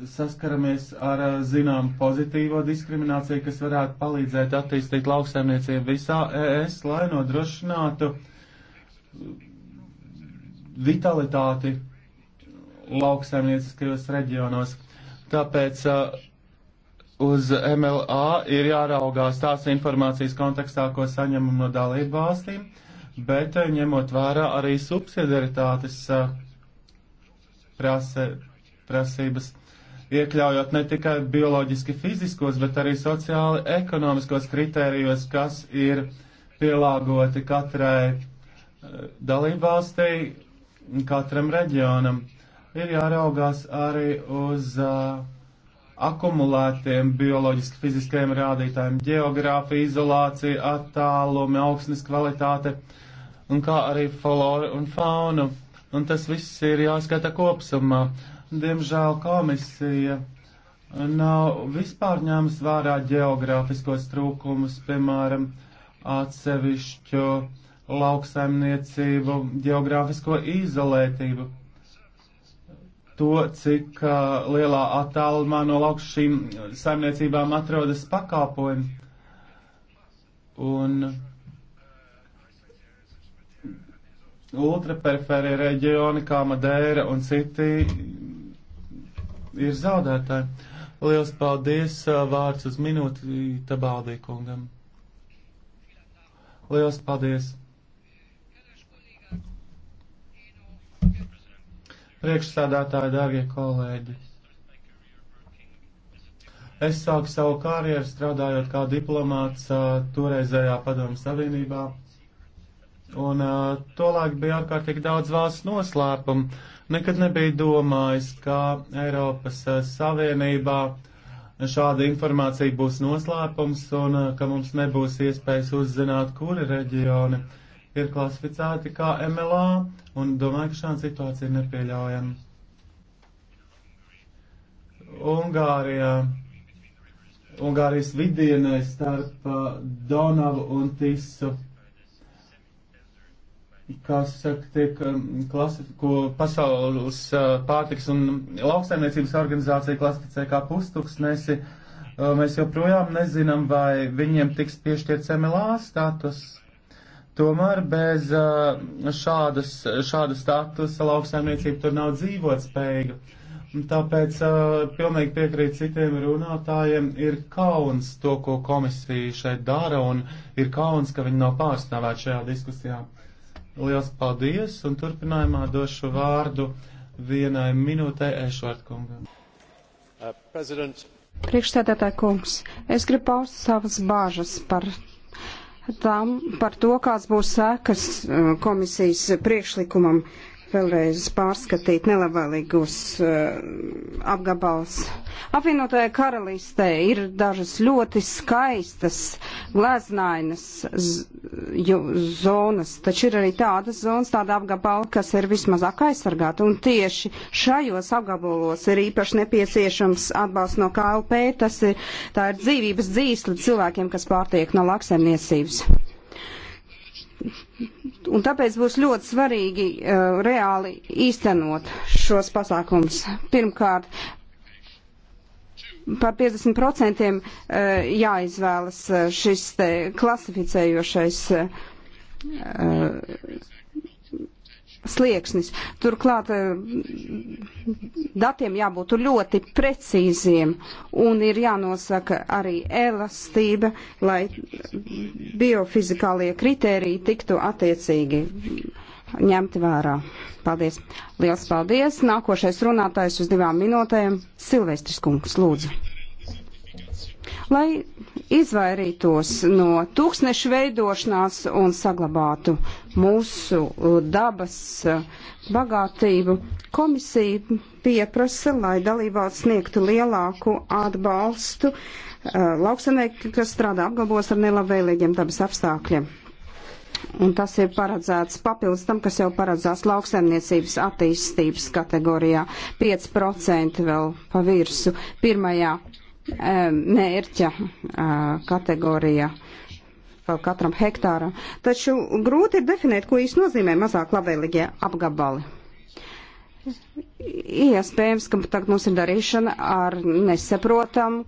saskaramies ar zinām pozitīvo diskrimināciju, kas varētu palīdzēt attīstīt lauksaimniecību visā ES, lai nodrošinātu vitalitāti lauksaimnieciskajos reģionos. Tāpēc uh, uz MLA ir jāraugās tās informācijas kontekstā, ko saņemam no dalību valstīm, bet uh, ņemot vērā arī subsidiaritātes uh, prase, prasības iekļaujot ne tikai bioloģiski fiziskos, bet arī sociāli ekonomiskos kritērijos, kas ir pielāgoti katrai eh, dalībvalstī, katram reģionam. Ir jāraugās arī uz uh, akumulētiem bioloģiski fiziskajiem rādītājiem - geogrāfija, izolācija, attālumi, augsnes kvalitāte, un kā arī flora un fauna. Un tas viss ir jāskata kopsumā. Uh, Diemžēl komisija nav vispār ņēmusi vērā geogrāfiskos trūkumus, piemēram, atsevišķu lauksaimniecību, geogrāfisko izolētību. To, cik uh, lielā attālumā no lauks šīm saimniecībām atrodas pakalpojumi. Un ultraperifērie reģioni kā Madeira un citi ir zaudētāji. Liels paldies vārds uz minūti Tabaldī kungam. Liels paldies! Priekšsādātāji, dārgie kolēģi! Es sāku savu karjeru strādājot kā diplomāts toreizējā Padomu Savienībā, un tolaik bija ārkārtīgi daudz valsts noslēpumu nekad nebija domājis, ka Eiropas eh, Savienībā šāda informācija būs noslēpums un eh, ka mums nebūs iespējas uzzināt, kuri reģioni ir klasificēti kā MLA, un domāju, ka šāda situācija ir nepieļaujama. Ungārijā, Ungārijas vidienē starp eh, Donavu un Tisu kā saka, tiek um, klasifikēta pasaules uh, pārtiks un lauksaimniecības organizācija klasificē kā pustuksnesi. Uh, mēs joprojām nezinām, vai viņiem tiks piešķirts MLA status. Tomēr bez uh, šādas, šāda statusa lauksaimniecība tur nav dzīvot spēja. Tāpēc pilnīgi piekrīt citiem runātājiem, ir kauns to, ko komisija šeit dara, un ir kauns, ka viņi nav pārstāvēti šajā diskusijā. Liels paldies, un turpinājumā došu vārdu vienai minūtē Ešvartkungam. Uh, Priekšstādātāja kungs, es gribu paust savas bāžas par tam, par to, kāds būs sekas uh, komisijas priekšlikumam vēlreiz pārskatīt nelabvēlīgus uh, apgabals. Apvienotajā karalistē ir dažas ļoti skaistas, gleznainas zonas, taču ir arī tādas zonas, tāda apgabala, kas ir vismazāk aizsargāta, un tieši šajos apgabalos ir īpaši nepieciešams atbalsts no KLP, tas ir, tā ir dzīvības dzīsli cilvēkiem, kas pārtiek no lauksaimniecības. Un tāpēc būs ļoti svarīgi uh, reāli īstenot šos pasākums. Pirmkārt, par 50% uh, eh, jāizvēlas eh, šis te klasificējošais uh, slieksnis. Turklāt eh, datiem jābūt ļoti precīziem un ir jānosaka arī elastība, lai biofizikālie kritēriji tiktu attiecīgi ņemti vērā. Paldies. Liels paldies. Nākošais runātājs uz divām minūtēm - Silvestris Kungs, lūdzu. Lai izvairītos no tūkstnešu veidošanās un saglabātu mūsu dabas bagātību, komisija pieprasa, lai dalībvalsts sniegtu lielāku atbalstu eh, lauksaimniekiem, kas strādā apgabos ar nelabvēlīgiem dabas apstākļiem. Un tas ir paredzēts papildus tam, kas jau paredzēts lauksaimniecības attīstības kategorijā - 5% vēl pa virsu pirmajā mērķa kategorija kaut katram hektāram. Taču grūti ir definēt, ko īsti nozīmē mazāk labvēlīgie apgabali. Iespējams, ka tagad mums ir darīšana ar nesaprotamu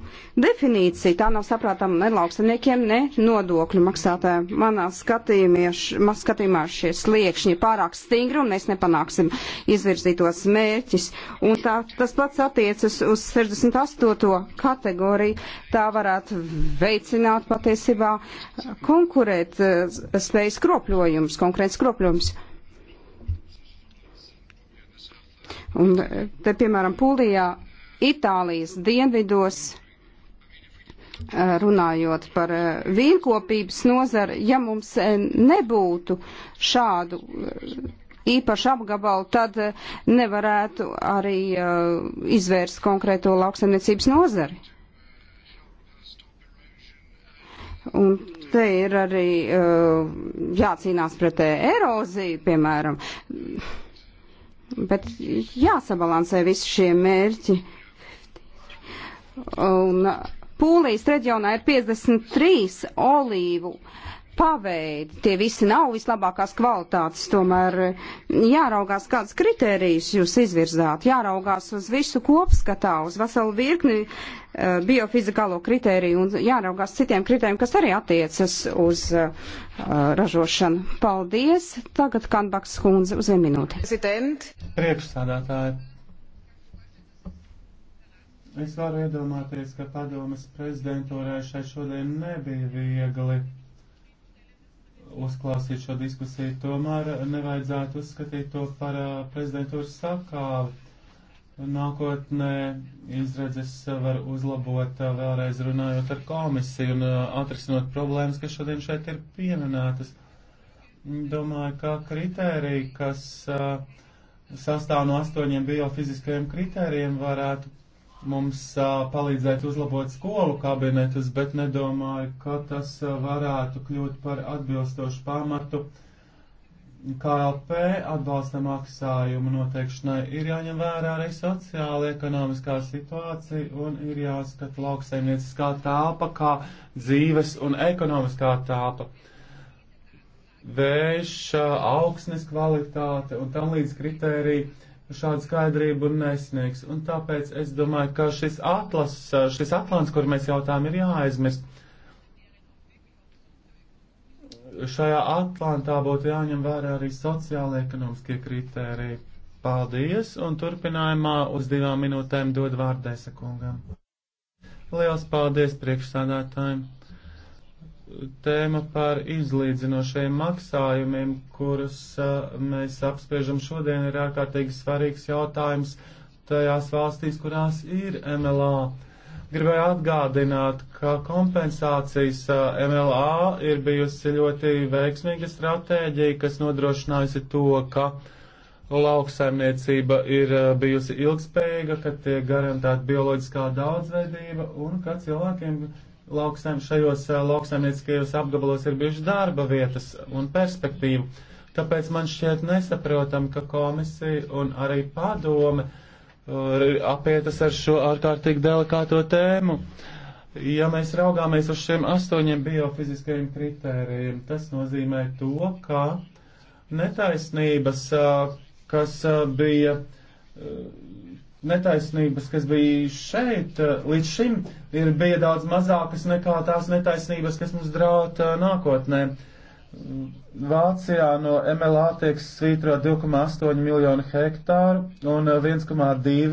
definīciju. Tā nav saprātama ne lauksaimniekiem, ne nodokļu maksātājiem. Manā skatījumā šie sliekšņi ir pārāk stingri un mēs nepanāksim izvirzītos mērķis. Un tā, tas pats attiecas uz 68. kategoriju. Tā varētu veicināt patiesībā konkurēt eh, spējas kropļojums, konkurēt skropļojums. Un e, te, piemēram, Pūlijā, Itālijas dienvidos, e, runājot par e, vīnkopības nozari, ja mums nebūtu šādu īpašu apgabalu, tad nevarētu arī izvērst konkrēto lauksaimniecības nozari. Un te ir arī jācīnās pret eroziju, piemēram Bet jāsabalansē visi šie mērķi. Un Pūlijas reģionā ir 53 olīvu uh, paveidi. Tie visi nav vislabākās kvalitātes, tomēr eh, jāraugās, kādas kritērijas jūs izvirzāt, jāraugās uz visu kopskatā, uz veselu virkni uh, biofizikālo kritēriju un jāraugās citiem kritērijiem, kas arī attiecas uz uh, ražošanu. Paldies! Tagad Kanbaks kundze uz vienu minūti. Priekšstādātāji, es varu iedomāties, ka padomas prezidentūrē šai šodien nebija viegli uzklausīt šo diskusiju, tomēr nevajadzētu uzskatīt to par uh, prezidentūras sakāvi. Nākotnē izredzes var uzlabot uh, vēlreiz runājot ar komisiju un uh, atrisinot problēmas, kas šodien šeit ir pieminētas. Domāju, ka kritērija, kas uh, sastāv no astoņiem biofiziskajiem kritērijiem, varētu mums uh, palīdzētu uzlabot skolu kabinetus, bet nedomāju, ka tas uh, varētu kļūt par atbilstošu pamatu KLP atbalsta maksājumu noteikšanai. Ir jāņem vērā arī sociāla, ekonomiskā situācija un ir jāskata lauksaimnieciskā tāpa kā dzīves un ekonomiskā tāpa. Vējš, augsnes kvalitāte un tam līdz kritērija šādu skaidrību nesniegs. Un tāpēc es domāju, ka šis atlas, šis atlants, kur mēs jautājam, ir jāaizmirst. Šajā atlantā būtu jāņem vērā arī sociāla ekonomiskie kritēriji. Paldies, un turpinājumā uz divām minūtēm dod vārdu Desa kungam. Liels paldies priekšsādātājiem! tēma par izlīdzinošajiem maksājumiem, kurus mēs apspriežam šodien, ir ārkārtīgi svarīgs jautājums tajās valstīs, kurās ir MLA. Gribēju atgādināt, ka kompensācijas MLA ir bijusi ļoti veiksmīga stratēģija, kas nodrošinājusi to, ka lauksaimniecība ir bijusi ilgspējīga, ka tiek garantēta bioloģiskā daudzveidība un ka cilvēkiem ir lauksaim šajos eh, lauksaimnieciskajos apgabalos ir bijuši darba vietas un perspektīvu. Tāpēc man šķiet nesaprotam, ka komisija un arī padome eh, apietas ar šo ārkārtīgi delikāto tēmu. Ja mēs raugāmies uz šiem astoņiem biofiziskajiem kritērijiem, tas nozīmē to, ka netaisnības, eh, kas bija netaisnības, kas bija šeit eh, līdz šim, ir bija daudz mazākas nekā tās netaisnības, kas mums draud eh, nākotnē. Vācijā no MLA tiek svītro 2,8 miljonu hektāru un 1,2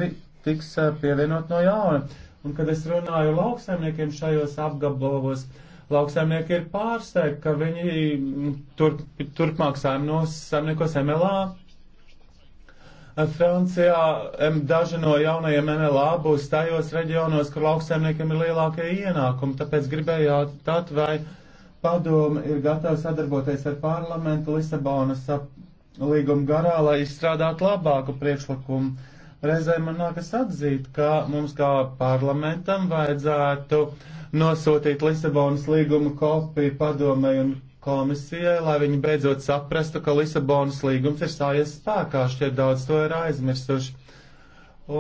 eh, tiks pievienot no jauna. Un kad es runāju lauksaimniekiem šajos apgabalos, lauksaimnieki ir pārsteigti, ka viņi mm, turp, turpmāk saimnos saimniekos MLA Francijā daži no jaunajiem NLA būs tajos reģionos, kur lauksaimniekiem ir lielākie ienākumi, tāpēc gribēju jautāt, vai padoma ir gatava sadarboties ar parlamentu Lisabonas līguma garā, lai izstrādātu labāku priekšlikumu. Reizēm man nākas atzīt, ka mums kā parlamentam vajadzētu nosūtīt Lisabonas līguma kopiju padomai un komisijai, lai viņi beidzot saprastu, ka Lisabonas līgums ir stājies spēkā, šķiet daudz to ir aizmirsuši.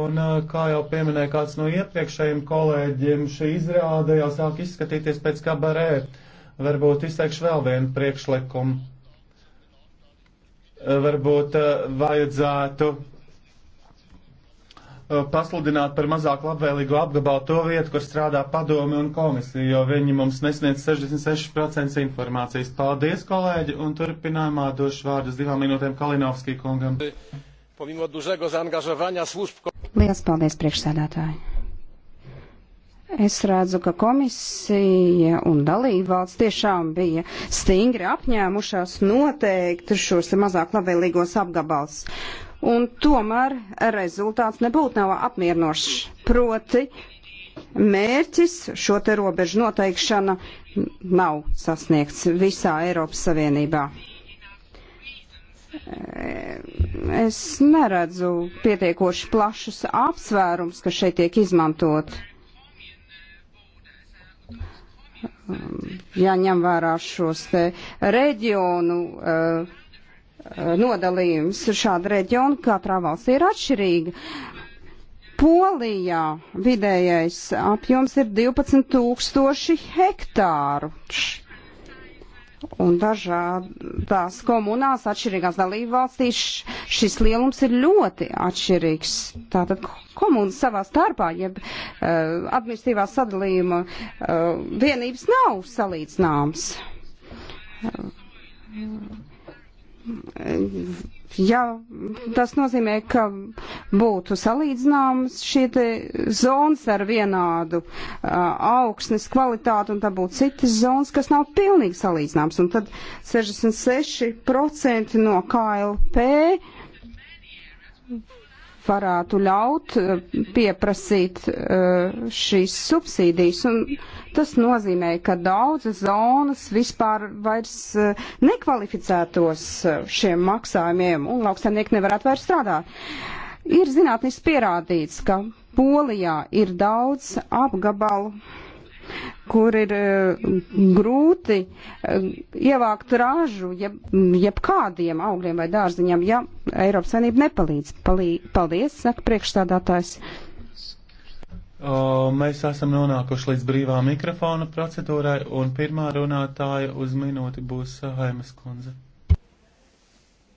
Un, uh, kā jau pieminēja kāds no iepriekšējiem kolēģiem, šī izrāde jau sāk izskatīties pēc kabarē. Varbūt izteikšu vēl vienu priekšlikumu. Varbūt uh, vajadzētu Uh, pasludināt par mazāk labvēlīgu apgabalu to vietu, kur strādā padomi un komisija, jo viņi mums nesniedz 66% informācijas. Paldies, kolēģi, un turpinājumā došu vārdu uz divām minūtēm Kalinovskī kungam. Liels paldies, priekšsēdētāji! Es redzu, ka komisija un dalībvalsts tiešām bija stingri apņēmušās noteikt šos mazāk labvēlīgos apgabals un tomēr rezultāts nebūtu nav apmierinošs. Proti, mērķis šo te robežu noteikšana nav sasniegts visā Eiropas Savienībā. Es neredzu pietiekoši plašus apsvērums, kas šeit tiek izmantot. Jāņem ja vērā šos te reģionu uh, Eh, nodalījums šāda reģiona katrā valstī ir atšķirīga. Polijā vidējais apjoms ir 12 tūkstoši hektāru. Un dažādās komunās, atšķirīgās dalībvalstīs šis lielums ir ļoti atšķirīgs. Tātad komunas savā starpā, jeb uh, administratīvā sadalījuma uh, vienības nav salīdzināmas. Uh, ja tas nozīmē, ka būtu salīdzināmas šie te zonas ar vienādu uh, augsnes kvalitāti un tad būtu citas zonas, kas nav pilnīgi salīdzināmas. Un tad 66% no KLP varētu ļaut eh, pieprasīt eh, šīs subsīdijas. Un tas nozīmē, ka daudzas zonas vispār vairs eh, nekvalificētos šiem maksājumiem un lauksaimnieki nevarētu vairs strādāt. Ir zinātnis pierādīts, ka Polijā ir daudz apgabalu kur ir eh, grūti eh, ievākt ražu jeb, jebkādiem augļiem vai dārziņiem, ja Eiropas Savienība nepalīdz. Palī, paldies, saka priekšstādātājs. O, mēs esam nonākuši līdz brīvā mikrofona procedūrai, un pirmā runātāja uz minūti būs Haimas kundze.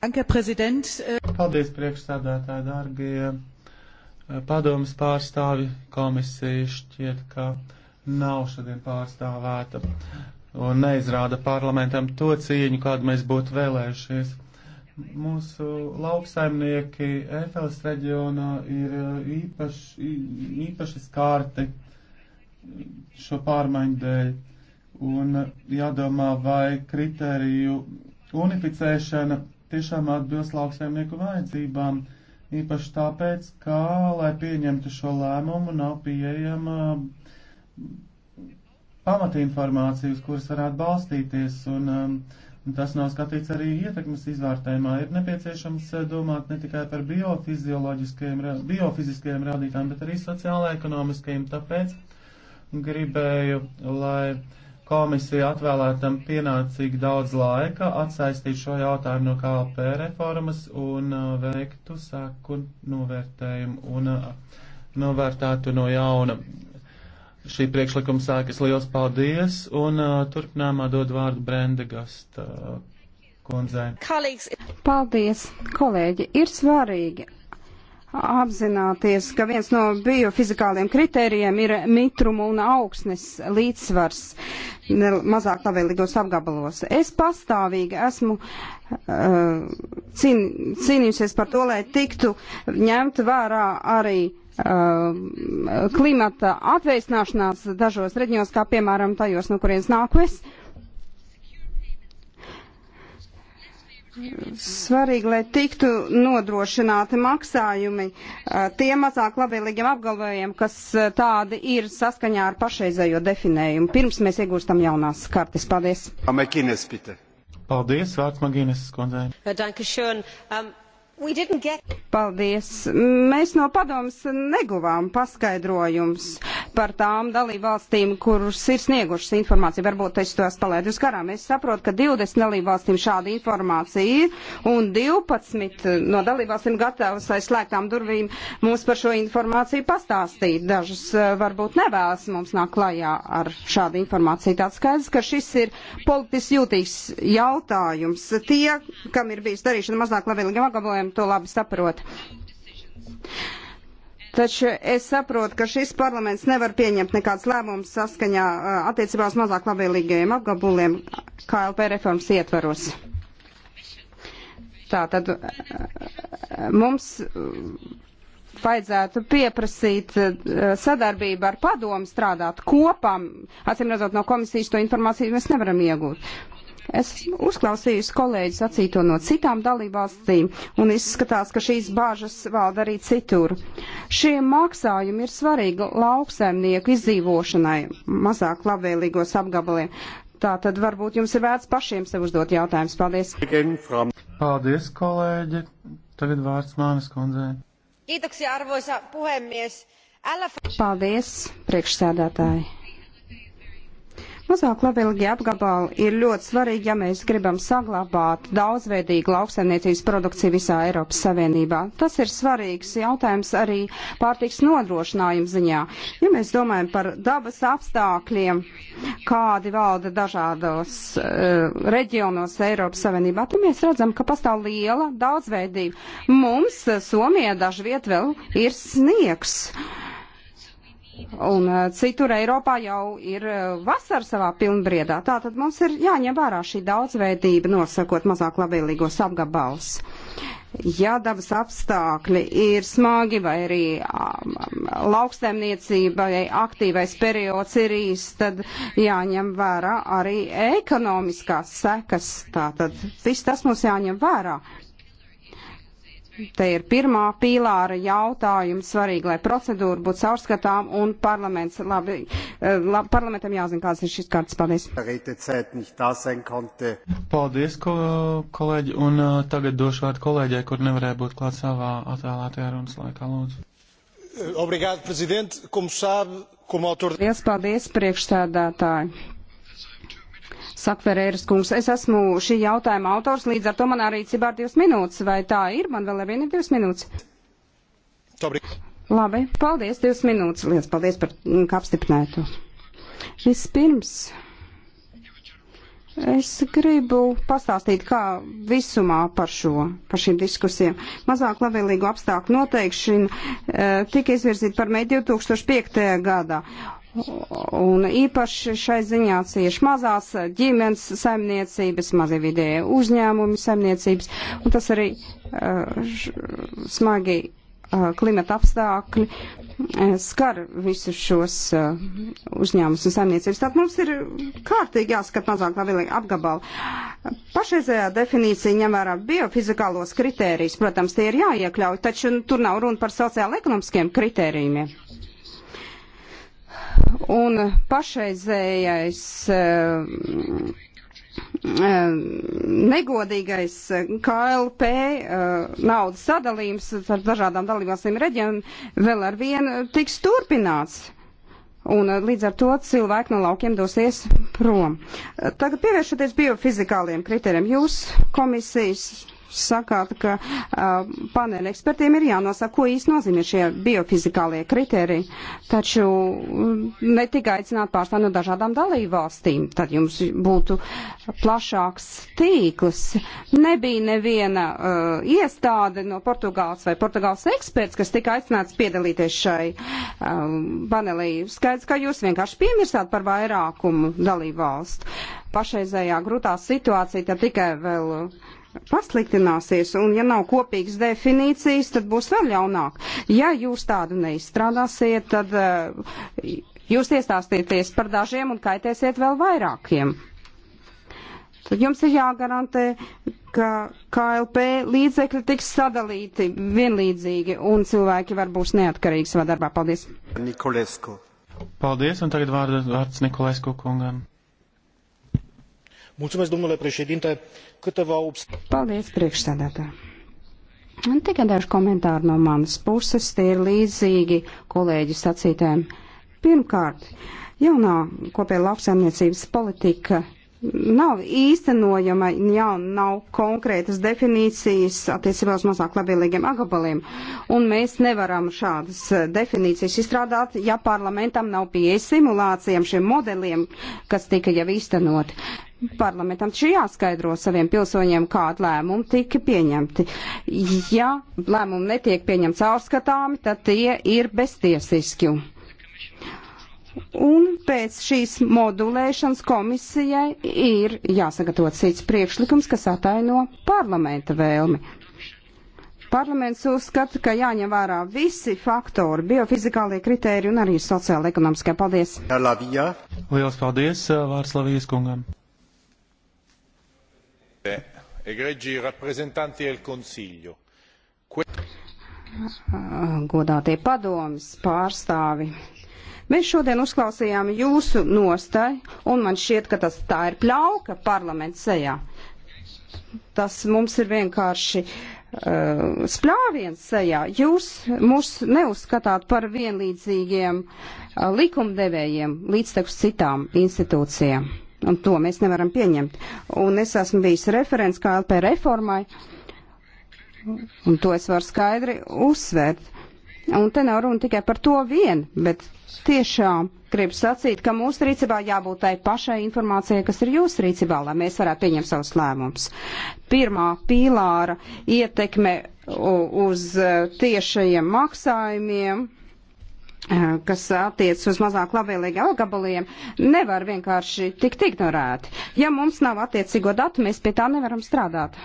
Paldies, priekšstādātāji, dārgie eh, padomas pārstāvi komisija šķiet, ka nav šodien pārstāvēta un neizrāda parlamentam to cieņu, kādu mēs būtu vēlējušies. Mūsu lauksaimnieki Efels reģionā ir eh, īpaši, īpaši skārti šo pārmaiņu dēļ un jādomā, vai kritēriju unificēšana tiešām atbilst lauksaimnieku vajadzībām. Īpaši tāpēc, ka, lai pieņemtu šo lēmumu, nav pieejama pamatinformāciju, uz kuras varētu balstīties, un um, tas nav skatīts arī ietekmes izvērtējumā. Ir nepieciešams uh, domāt ne tikai par biofizioloģiskajiem, biofiziskajiem rādītājiem, bet arī sociālai-ekonomiskajiem. Tāpēc gribēju, lai komisija atvēlētam pienācīgi daudz laika atsaistīt šo jautājumu no KLP reformas un uh, veiktu sāku novērtējumu un uh, novērtētu no jauna šī priekšlikuma sākas. Liels paldies! Un uh, turpinājumā dod vārdu Brenda Gasta uh, kundzei. Paldies, kolēģi! Ir svarīgi apzināties, ka viens no biofizikāliem kritērijiem ir mitruma un augsnes līdzsvars ne, mazāk labvēlīgos apgabalos. Es pastāvīgi esmu uh, cīn, cīnījusies par to, lai tiktu ņemt vērā arī uh, klimata atveicināšanās dažos reģionos, kā piemēram tajos, no kurienes nāku es. Uh, svarīgi, lai tiktu nodrošināti maksājumi eh, tiem mazāk labvēlīgiem apgalvojumiem, kas eh, tādi ir saskaņā ar pašreizējo definējumu. Pirms mēs iegūstam jaunās kartes. Paldies! Paldies, Vārts Magīnes skundzei! Get... Paldies. Mēs no padomas neguvām paskaidrojums par tām dalībvalstīm, kuras ir sniegušas informāciju. Varbūt es to esmu palaidus garām. Es saprotu, ka 20 dalībvalstīm šāda informācija ir un 12 no dalībvalstīm gatavas aiz slēgtām durvīm mums par šo informāciju pastāstīt. Dažas eh, varbūt nevēlas mums nāk klajā ar šādu informāciju. Tāds skaidrs, ka šis ir politiski jūtīgs jautājums. Tie, kam ir bijis darīšana mazāk labvēlīgiem apgabaliem, problēma, to labi saprot. Taču es saprotu, ka šis parlaments nevar pieņemt nekāds lēmums saskaņā attiecībā uz mazāk labvēlīgajiem apgabaliem KLP reformas ietvaros. Tātad mums vajadzētu pieprasīt sadarbību ar padomu strādāt kopām. Atcīm redzot, no komisijas to informāciju mēs nevaram iegūt. Es uzklausījusi kolēģi sacīto no citām dalībvalstīm, un izskatās, ka šīs bāžas valda arī citur. Šie maksājumi ir svarīgi lauksaimnieku izdzīvošanai mazāk labvēlīgos apgabaliem. Tā tad varbūt jums ir vērts pašiem sev uzdot jautājumus. Paldies! Paldies, kolēģi! Tagad vārds Mānes kundzei. Kiitoksia, arvoisa puhemies! Paldies, priekšsēdētāji! Mazāk labvēlīgi apgabali ir ļoti svarīgi, ja mēs gribam saglabāt daudzveidīgu lauksaimniecības produkciju visā Eiropas Savienībā. Tas ir svarīgs jautājums arī pārtiks nodrošinājuma ziņā. Ja mēs domājam par dabas apstākļiem, kādi valda dažādos uh, reģionos Eiropas Savienībā, tad mēs redzam, ka pastāv liela daudzveidība. Mums eh, Somijā daži viet vēl ir sniegs. Uh, Un eh, citur Eiropā jau ir eh, vasara savā pilnbriedā. Tātad mums ir jāņem vērā šī daudzveidība, nosakot mazāk labvēlīgos apgabals. Ja dabas apstākļi ir smagi vai arī um, lauksaimniecība vai aktīvais periods ir īs, tad jāņem vērā arī ekonomiskās sekas. Tātad viss tas mums jāņem vērā. Te ir pirmā pīlāra jautājuma svarīgi, lai procedūra būtu caurskatām un parlaments, labi, eh, labi, parlamentam jāzina, kāds ir šis kārtas. Paldies. Paldies, ko, kolēģi, un uh, tagad došu vārdu kolēģai, kur nevarēja būt klāt savā atvēlētajā runas laikā, lūdzu. Obrigado, prezident, como sabe, como autor. Liels paldies, priekšstādātāji saka Ferēras kungs. Es esmu šī jautājuma autors, līdz ar to man arī cibā ir divas minūtes. Vai tā ir? Man vēl ar vienu ir divas minūtes. Dobrīt. Labi, paldies, divas minūtes. Lielas paldies par mm, apstiprinātu. Vispirms. Es gribu pastāstīt kā visumā par šo, par šīm diskusijām. Mazāk labvēlīgu apstākļu noteikšana e, tika izvirzīta par mēģi 2005. gadā, Un īpaši šai ziņā cieši mazās ģimenes saimniecības, mazie vidēji uzņēmumi saimniecības, un tas arī uh, smagi uh, klimata apstākļi uh, skar visus šos uh, uzņēmumus un saimniecības. Tātad mums ir kārtīgi jāskat mazāk tā vienlaika apgabala. Pašreizējā definīcija ņem vērā biofizikālos kritērijus, protams, tie ir jāiekļauj, taču tur nav runa par sociāla ekonomiskiem kritērijiem. Un pašreizējais eh, eh, negodīgais KLP eh, naudas sadalījums ar dažādām dalībvalstīm reģionu vēl ar vienu tiks turpināts. Un līdz ar to cilvēki no laukiem dosies prom. Tagad pievēršoties biofizikāliem kriterijiem, jūs komisijas sakāt, ka uh, paneļa ekspertiem ir jānosaka, ko īsti nozīmē šie biofizikālie kriteriji, taču ne tikai aicināt pārstāvju no dažādām dalību valstīm, tad jums būtu plašāks tīkls. Nebija neviena uh, iestāde no Portugāles vai Portugāles eksperts, kas tika aicināts piedalīties šai um, panelī. Skaidrs, ka jūs vienkārši piemirstāt par vairākumu dalību valstu. Pašreizējā grūtā situācija tad tikai vēl. Uh, pasliktināsies, un ja nav kopīgas definīcijas, tad būs vēl ļaunāk. Ja jūs tādu neizstrādāsiet, tad uh, jūs iestāstīties par dažiem un kaitēsiet vēl vairākiem. Tad jums ir jāgarantē, ka KLP līdzekļi tiks sadalīti vienlīdzīgi un cilvēki var būs neatkarīgi savā darbā. Paldies! Nikolesku. Paldies, un tagad vārds Nikolesku kungam. Câteva observācijas. Paldies, priekšsēdētāji. Tikai daži komentāri no manas puses, tie ir līdzīgi kolēģi sacītēm. Pirmkārt, jaunā kopēja lauksaimniecības politika nav īstenojama, ja nav konkrētas definīcijas attiecībā uz mazāk labvēlīgiem agabaliem. Un mēs nevaram šādas definīcijas izstrādāt, ja parlamentam nav pieeja simulācijām, šiem modeliem, kas tika jau īstenot parlamentam taču jāskaidro saviem pilsoņiem, kāda lēmuma tika pieņemti. Ja lēmumi netiek pieņemts caurskatāmi, tad tie ir beztiesiski. Un pēc šīs modulēšanas komisijai ir jāsagatavot cits priekšlikums, kas ataino parlamenta vēlmi. Parlaments uzskata, ka jāņem vērā visi faktori, biofizikālie kritēri un arī sociāla ekonomiskie. Paldies! Lielas paldies eh, Vārslavijas kungam! Egregi reprezentanti del Consiglio. Godātie padomas pārstāvi, Mēs šodien uzklausījām jūsu nostāju, un man šķiet, ka tas tā ir pļauka parlaments sejā. Tas mums ir vienkārši uh, spļāviens sejā. Jūs mūs neuzskatāt par vienlīdzīgiem uh, likumdevējiem līdz citām institūcijām. Un to mēs nevaram pieņemt. Un es esmu bijis referents KLP reformai, un to es varu skaidri uzsvērt. Un te nav runa tikai par to vien, bet tiešām gribu sacīt, ka mūsu rīcībā jābūt tai pašai informācijai, kas ir jūsu rīcībā, lai mēs varētu pieņemt savus lēmumus. Pirmā pīlāra ietekme uz eh, tiešajiem maksājumiem kas attiec uz mazāk labvēlīgiem gabaliem, nevar vienkārši tikt ignorēti. Ja mums nav attiecīgo datu, mēs pie tā nevaram strādāt.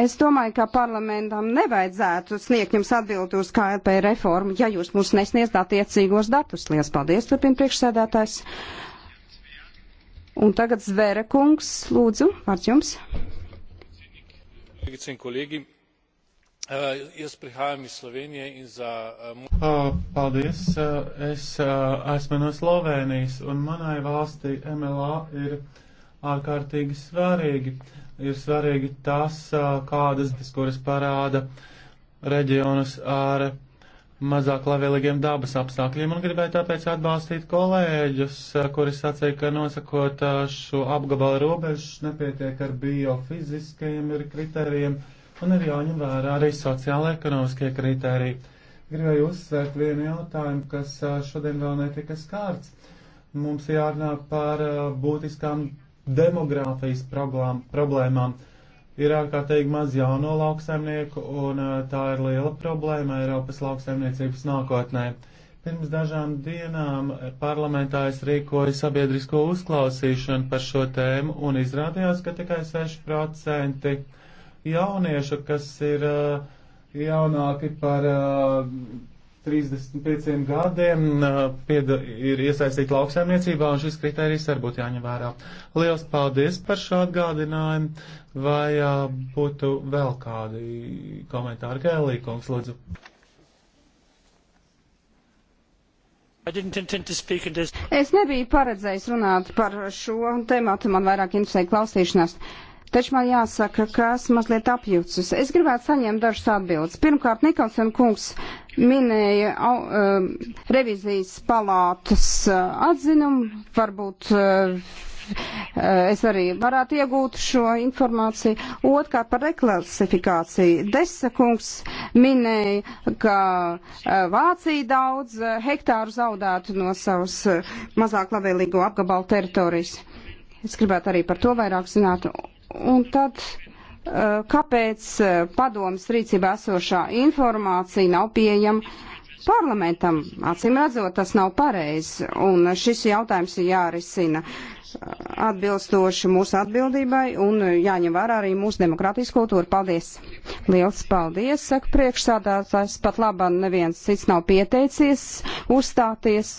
Es domāju, ka parlamentam nevajadzētu sniegt jums atbildi uz KLP reformu, ja jūs mums nesniedzat attiecīgos datus. Lielas paldies, turpina priekšsēdētājs. Un tagad Zvera kungs, lūdzu, vārds jums. Kolēģi un kolēģi, Uh, jaz prihajam iz Slovenije in za. Uh, paldies! Uh, es esmu no Slovenijas un manai valstī MLA ir ārkārtīgi svarīgi. Ir svarīgi tas, kādas, kuras parāda reģionus ar mazāk labvēlīgiem dabas apstākļiem un gribēju tāpēc atbalstīt kolēģus, kuri sacīja, ka nosakot šo apgabalu robežu nepietiek ar biofiziskajiem kriterijiem un ir jāņem vērā arī sociāla ekonomiskie kritēriji. Gribēju uzsvērt vienu jautājumu, kas šodien vēl netika skārts. Mums jārunā par būtiskām demogrāfijas problēmām. Ir ārkārtīgi maz jauno lauksaimnieku, un tā ir liela problēma Eiropas lauksaimniecības nākotnē. Pirms dažām dienām parlamentā es rīkoju sabiedrisko uzklausīšanu par šo tēmu, un izrādījās, ka tikai 6% jauniešu, kas ir eh, jaunāki par 35 eh, gadiem, eh, ir iesaistīti lauksaimniecībā, un šis kriterijs arī būtu jāņem vērā. Liels paldies par šo atgādinājumu. Vai būtu vēl kādi komentāri, Gēlī, kungs, lūdzu? Es nebiju paredzējis runāt par šo tēmu, man vairāk interesēja klausīšanās. Uh, Taču man jāsaka, ka esmu mazliet apjūcis. Es gribētu saņemt dažas atbildes. Pirmkārt, Nikolsen kungs minēja uh, revizijas palātas uh, atzinumu. Varbūt uh, uh, es arī varētu iegūt šo informāciju. Otrkārt par reklasifikāciju. Desa kungs minēja, ka uh, Vācija daudz uh, hektāru zaudētu no savas mazāk labvēlīgo apgabalu teritorijas. Es gribētu arī par to vairāk zināt. Un tad eh, kāpēc eh, padomas rīcībā esošā informācija nav pieejama parlamentam? Acīm redzot, tas nav pareizi, un šis jautājums ir jārisina eh, atbilstoši mūsu atbildībai un jāņem vērā arī mūsu demokrātijas kultūra. Paldies! Liels paldies, saka priekšsādātājs, pat labā neviens cits nav pieteicies uzstāties,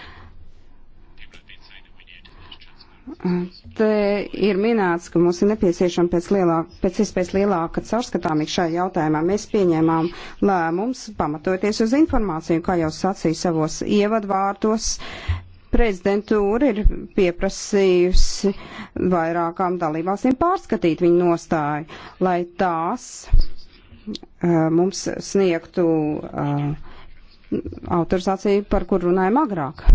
Te ir minēts, ka mums ir nepieciešama pēc, lielāka, pēc iespējas lielāka caurskatāmība šajā jautājumā. Mēs pieņēmām lēmums pamatoties uz informāciju, kā jau sacīju savos ievadvārdos. Prezidentūra ir pieprasījusi vairākām dalībvalstīm pārskatīt viņu nostāju, lai tās uh, mums sniegtu uh, autorizāciju, par kur runājam agrāk.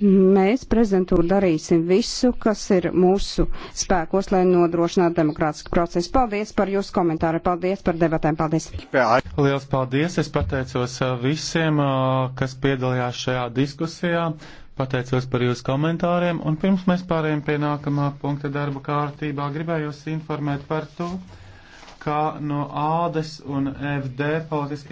Mēs prezidentūru darīsim visu, kas ir mūsu spēkos, lai nodrošinātu demokrātisku procesu. Paldies par jūsu komentāru, paldies par debatēm, paldies. Liels paldies, es pateicos uh, visiem, uh, kas piedalījās šajā diskusijā, pateicos par jūsu komentāriem, un pirms mēs pārējām pie nākamā punkta darba kārtībā, gribēju jūs informēt par to, kā no ādes un FD politiski.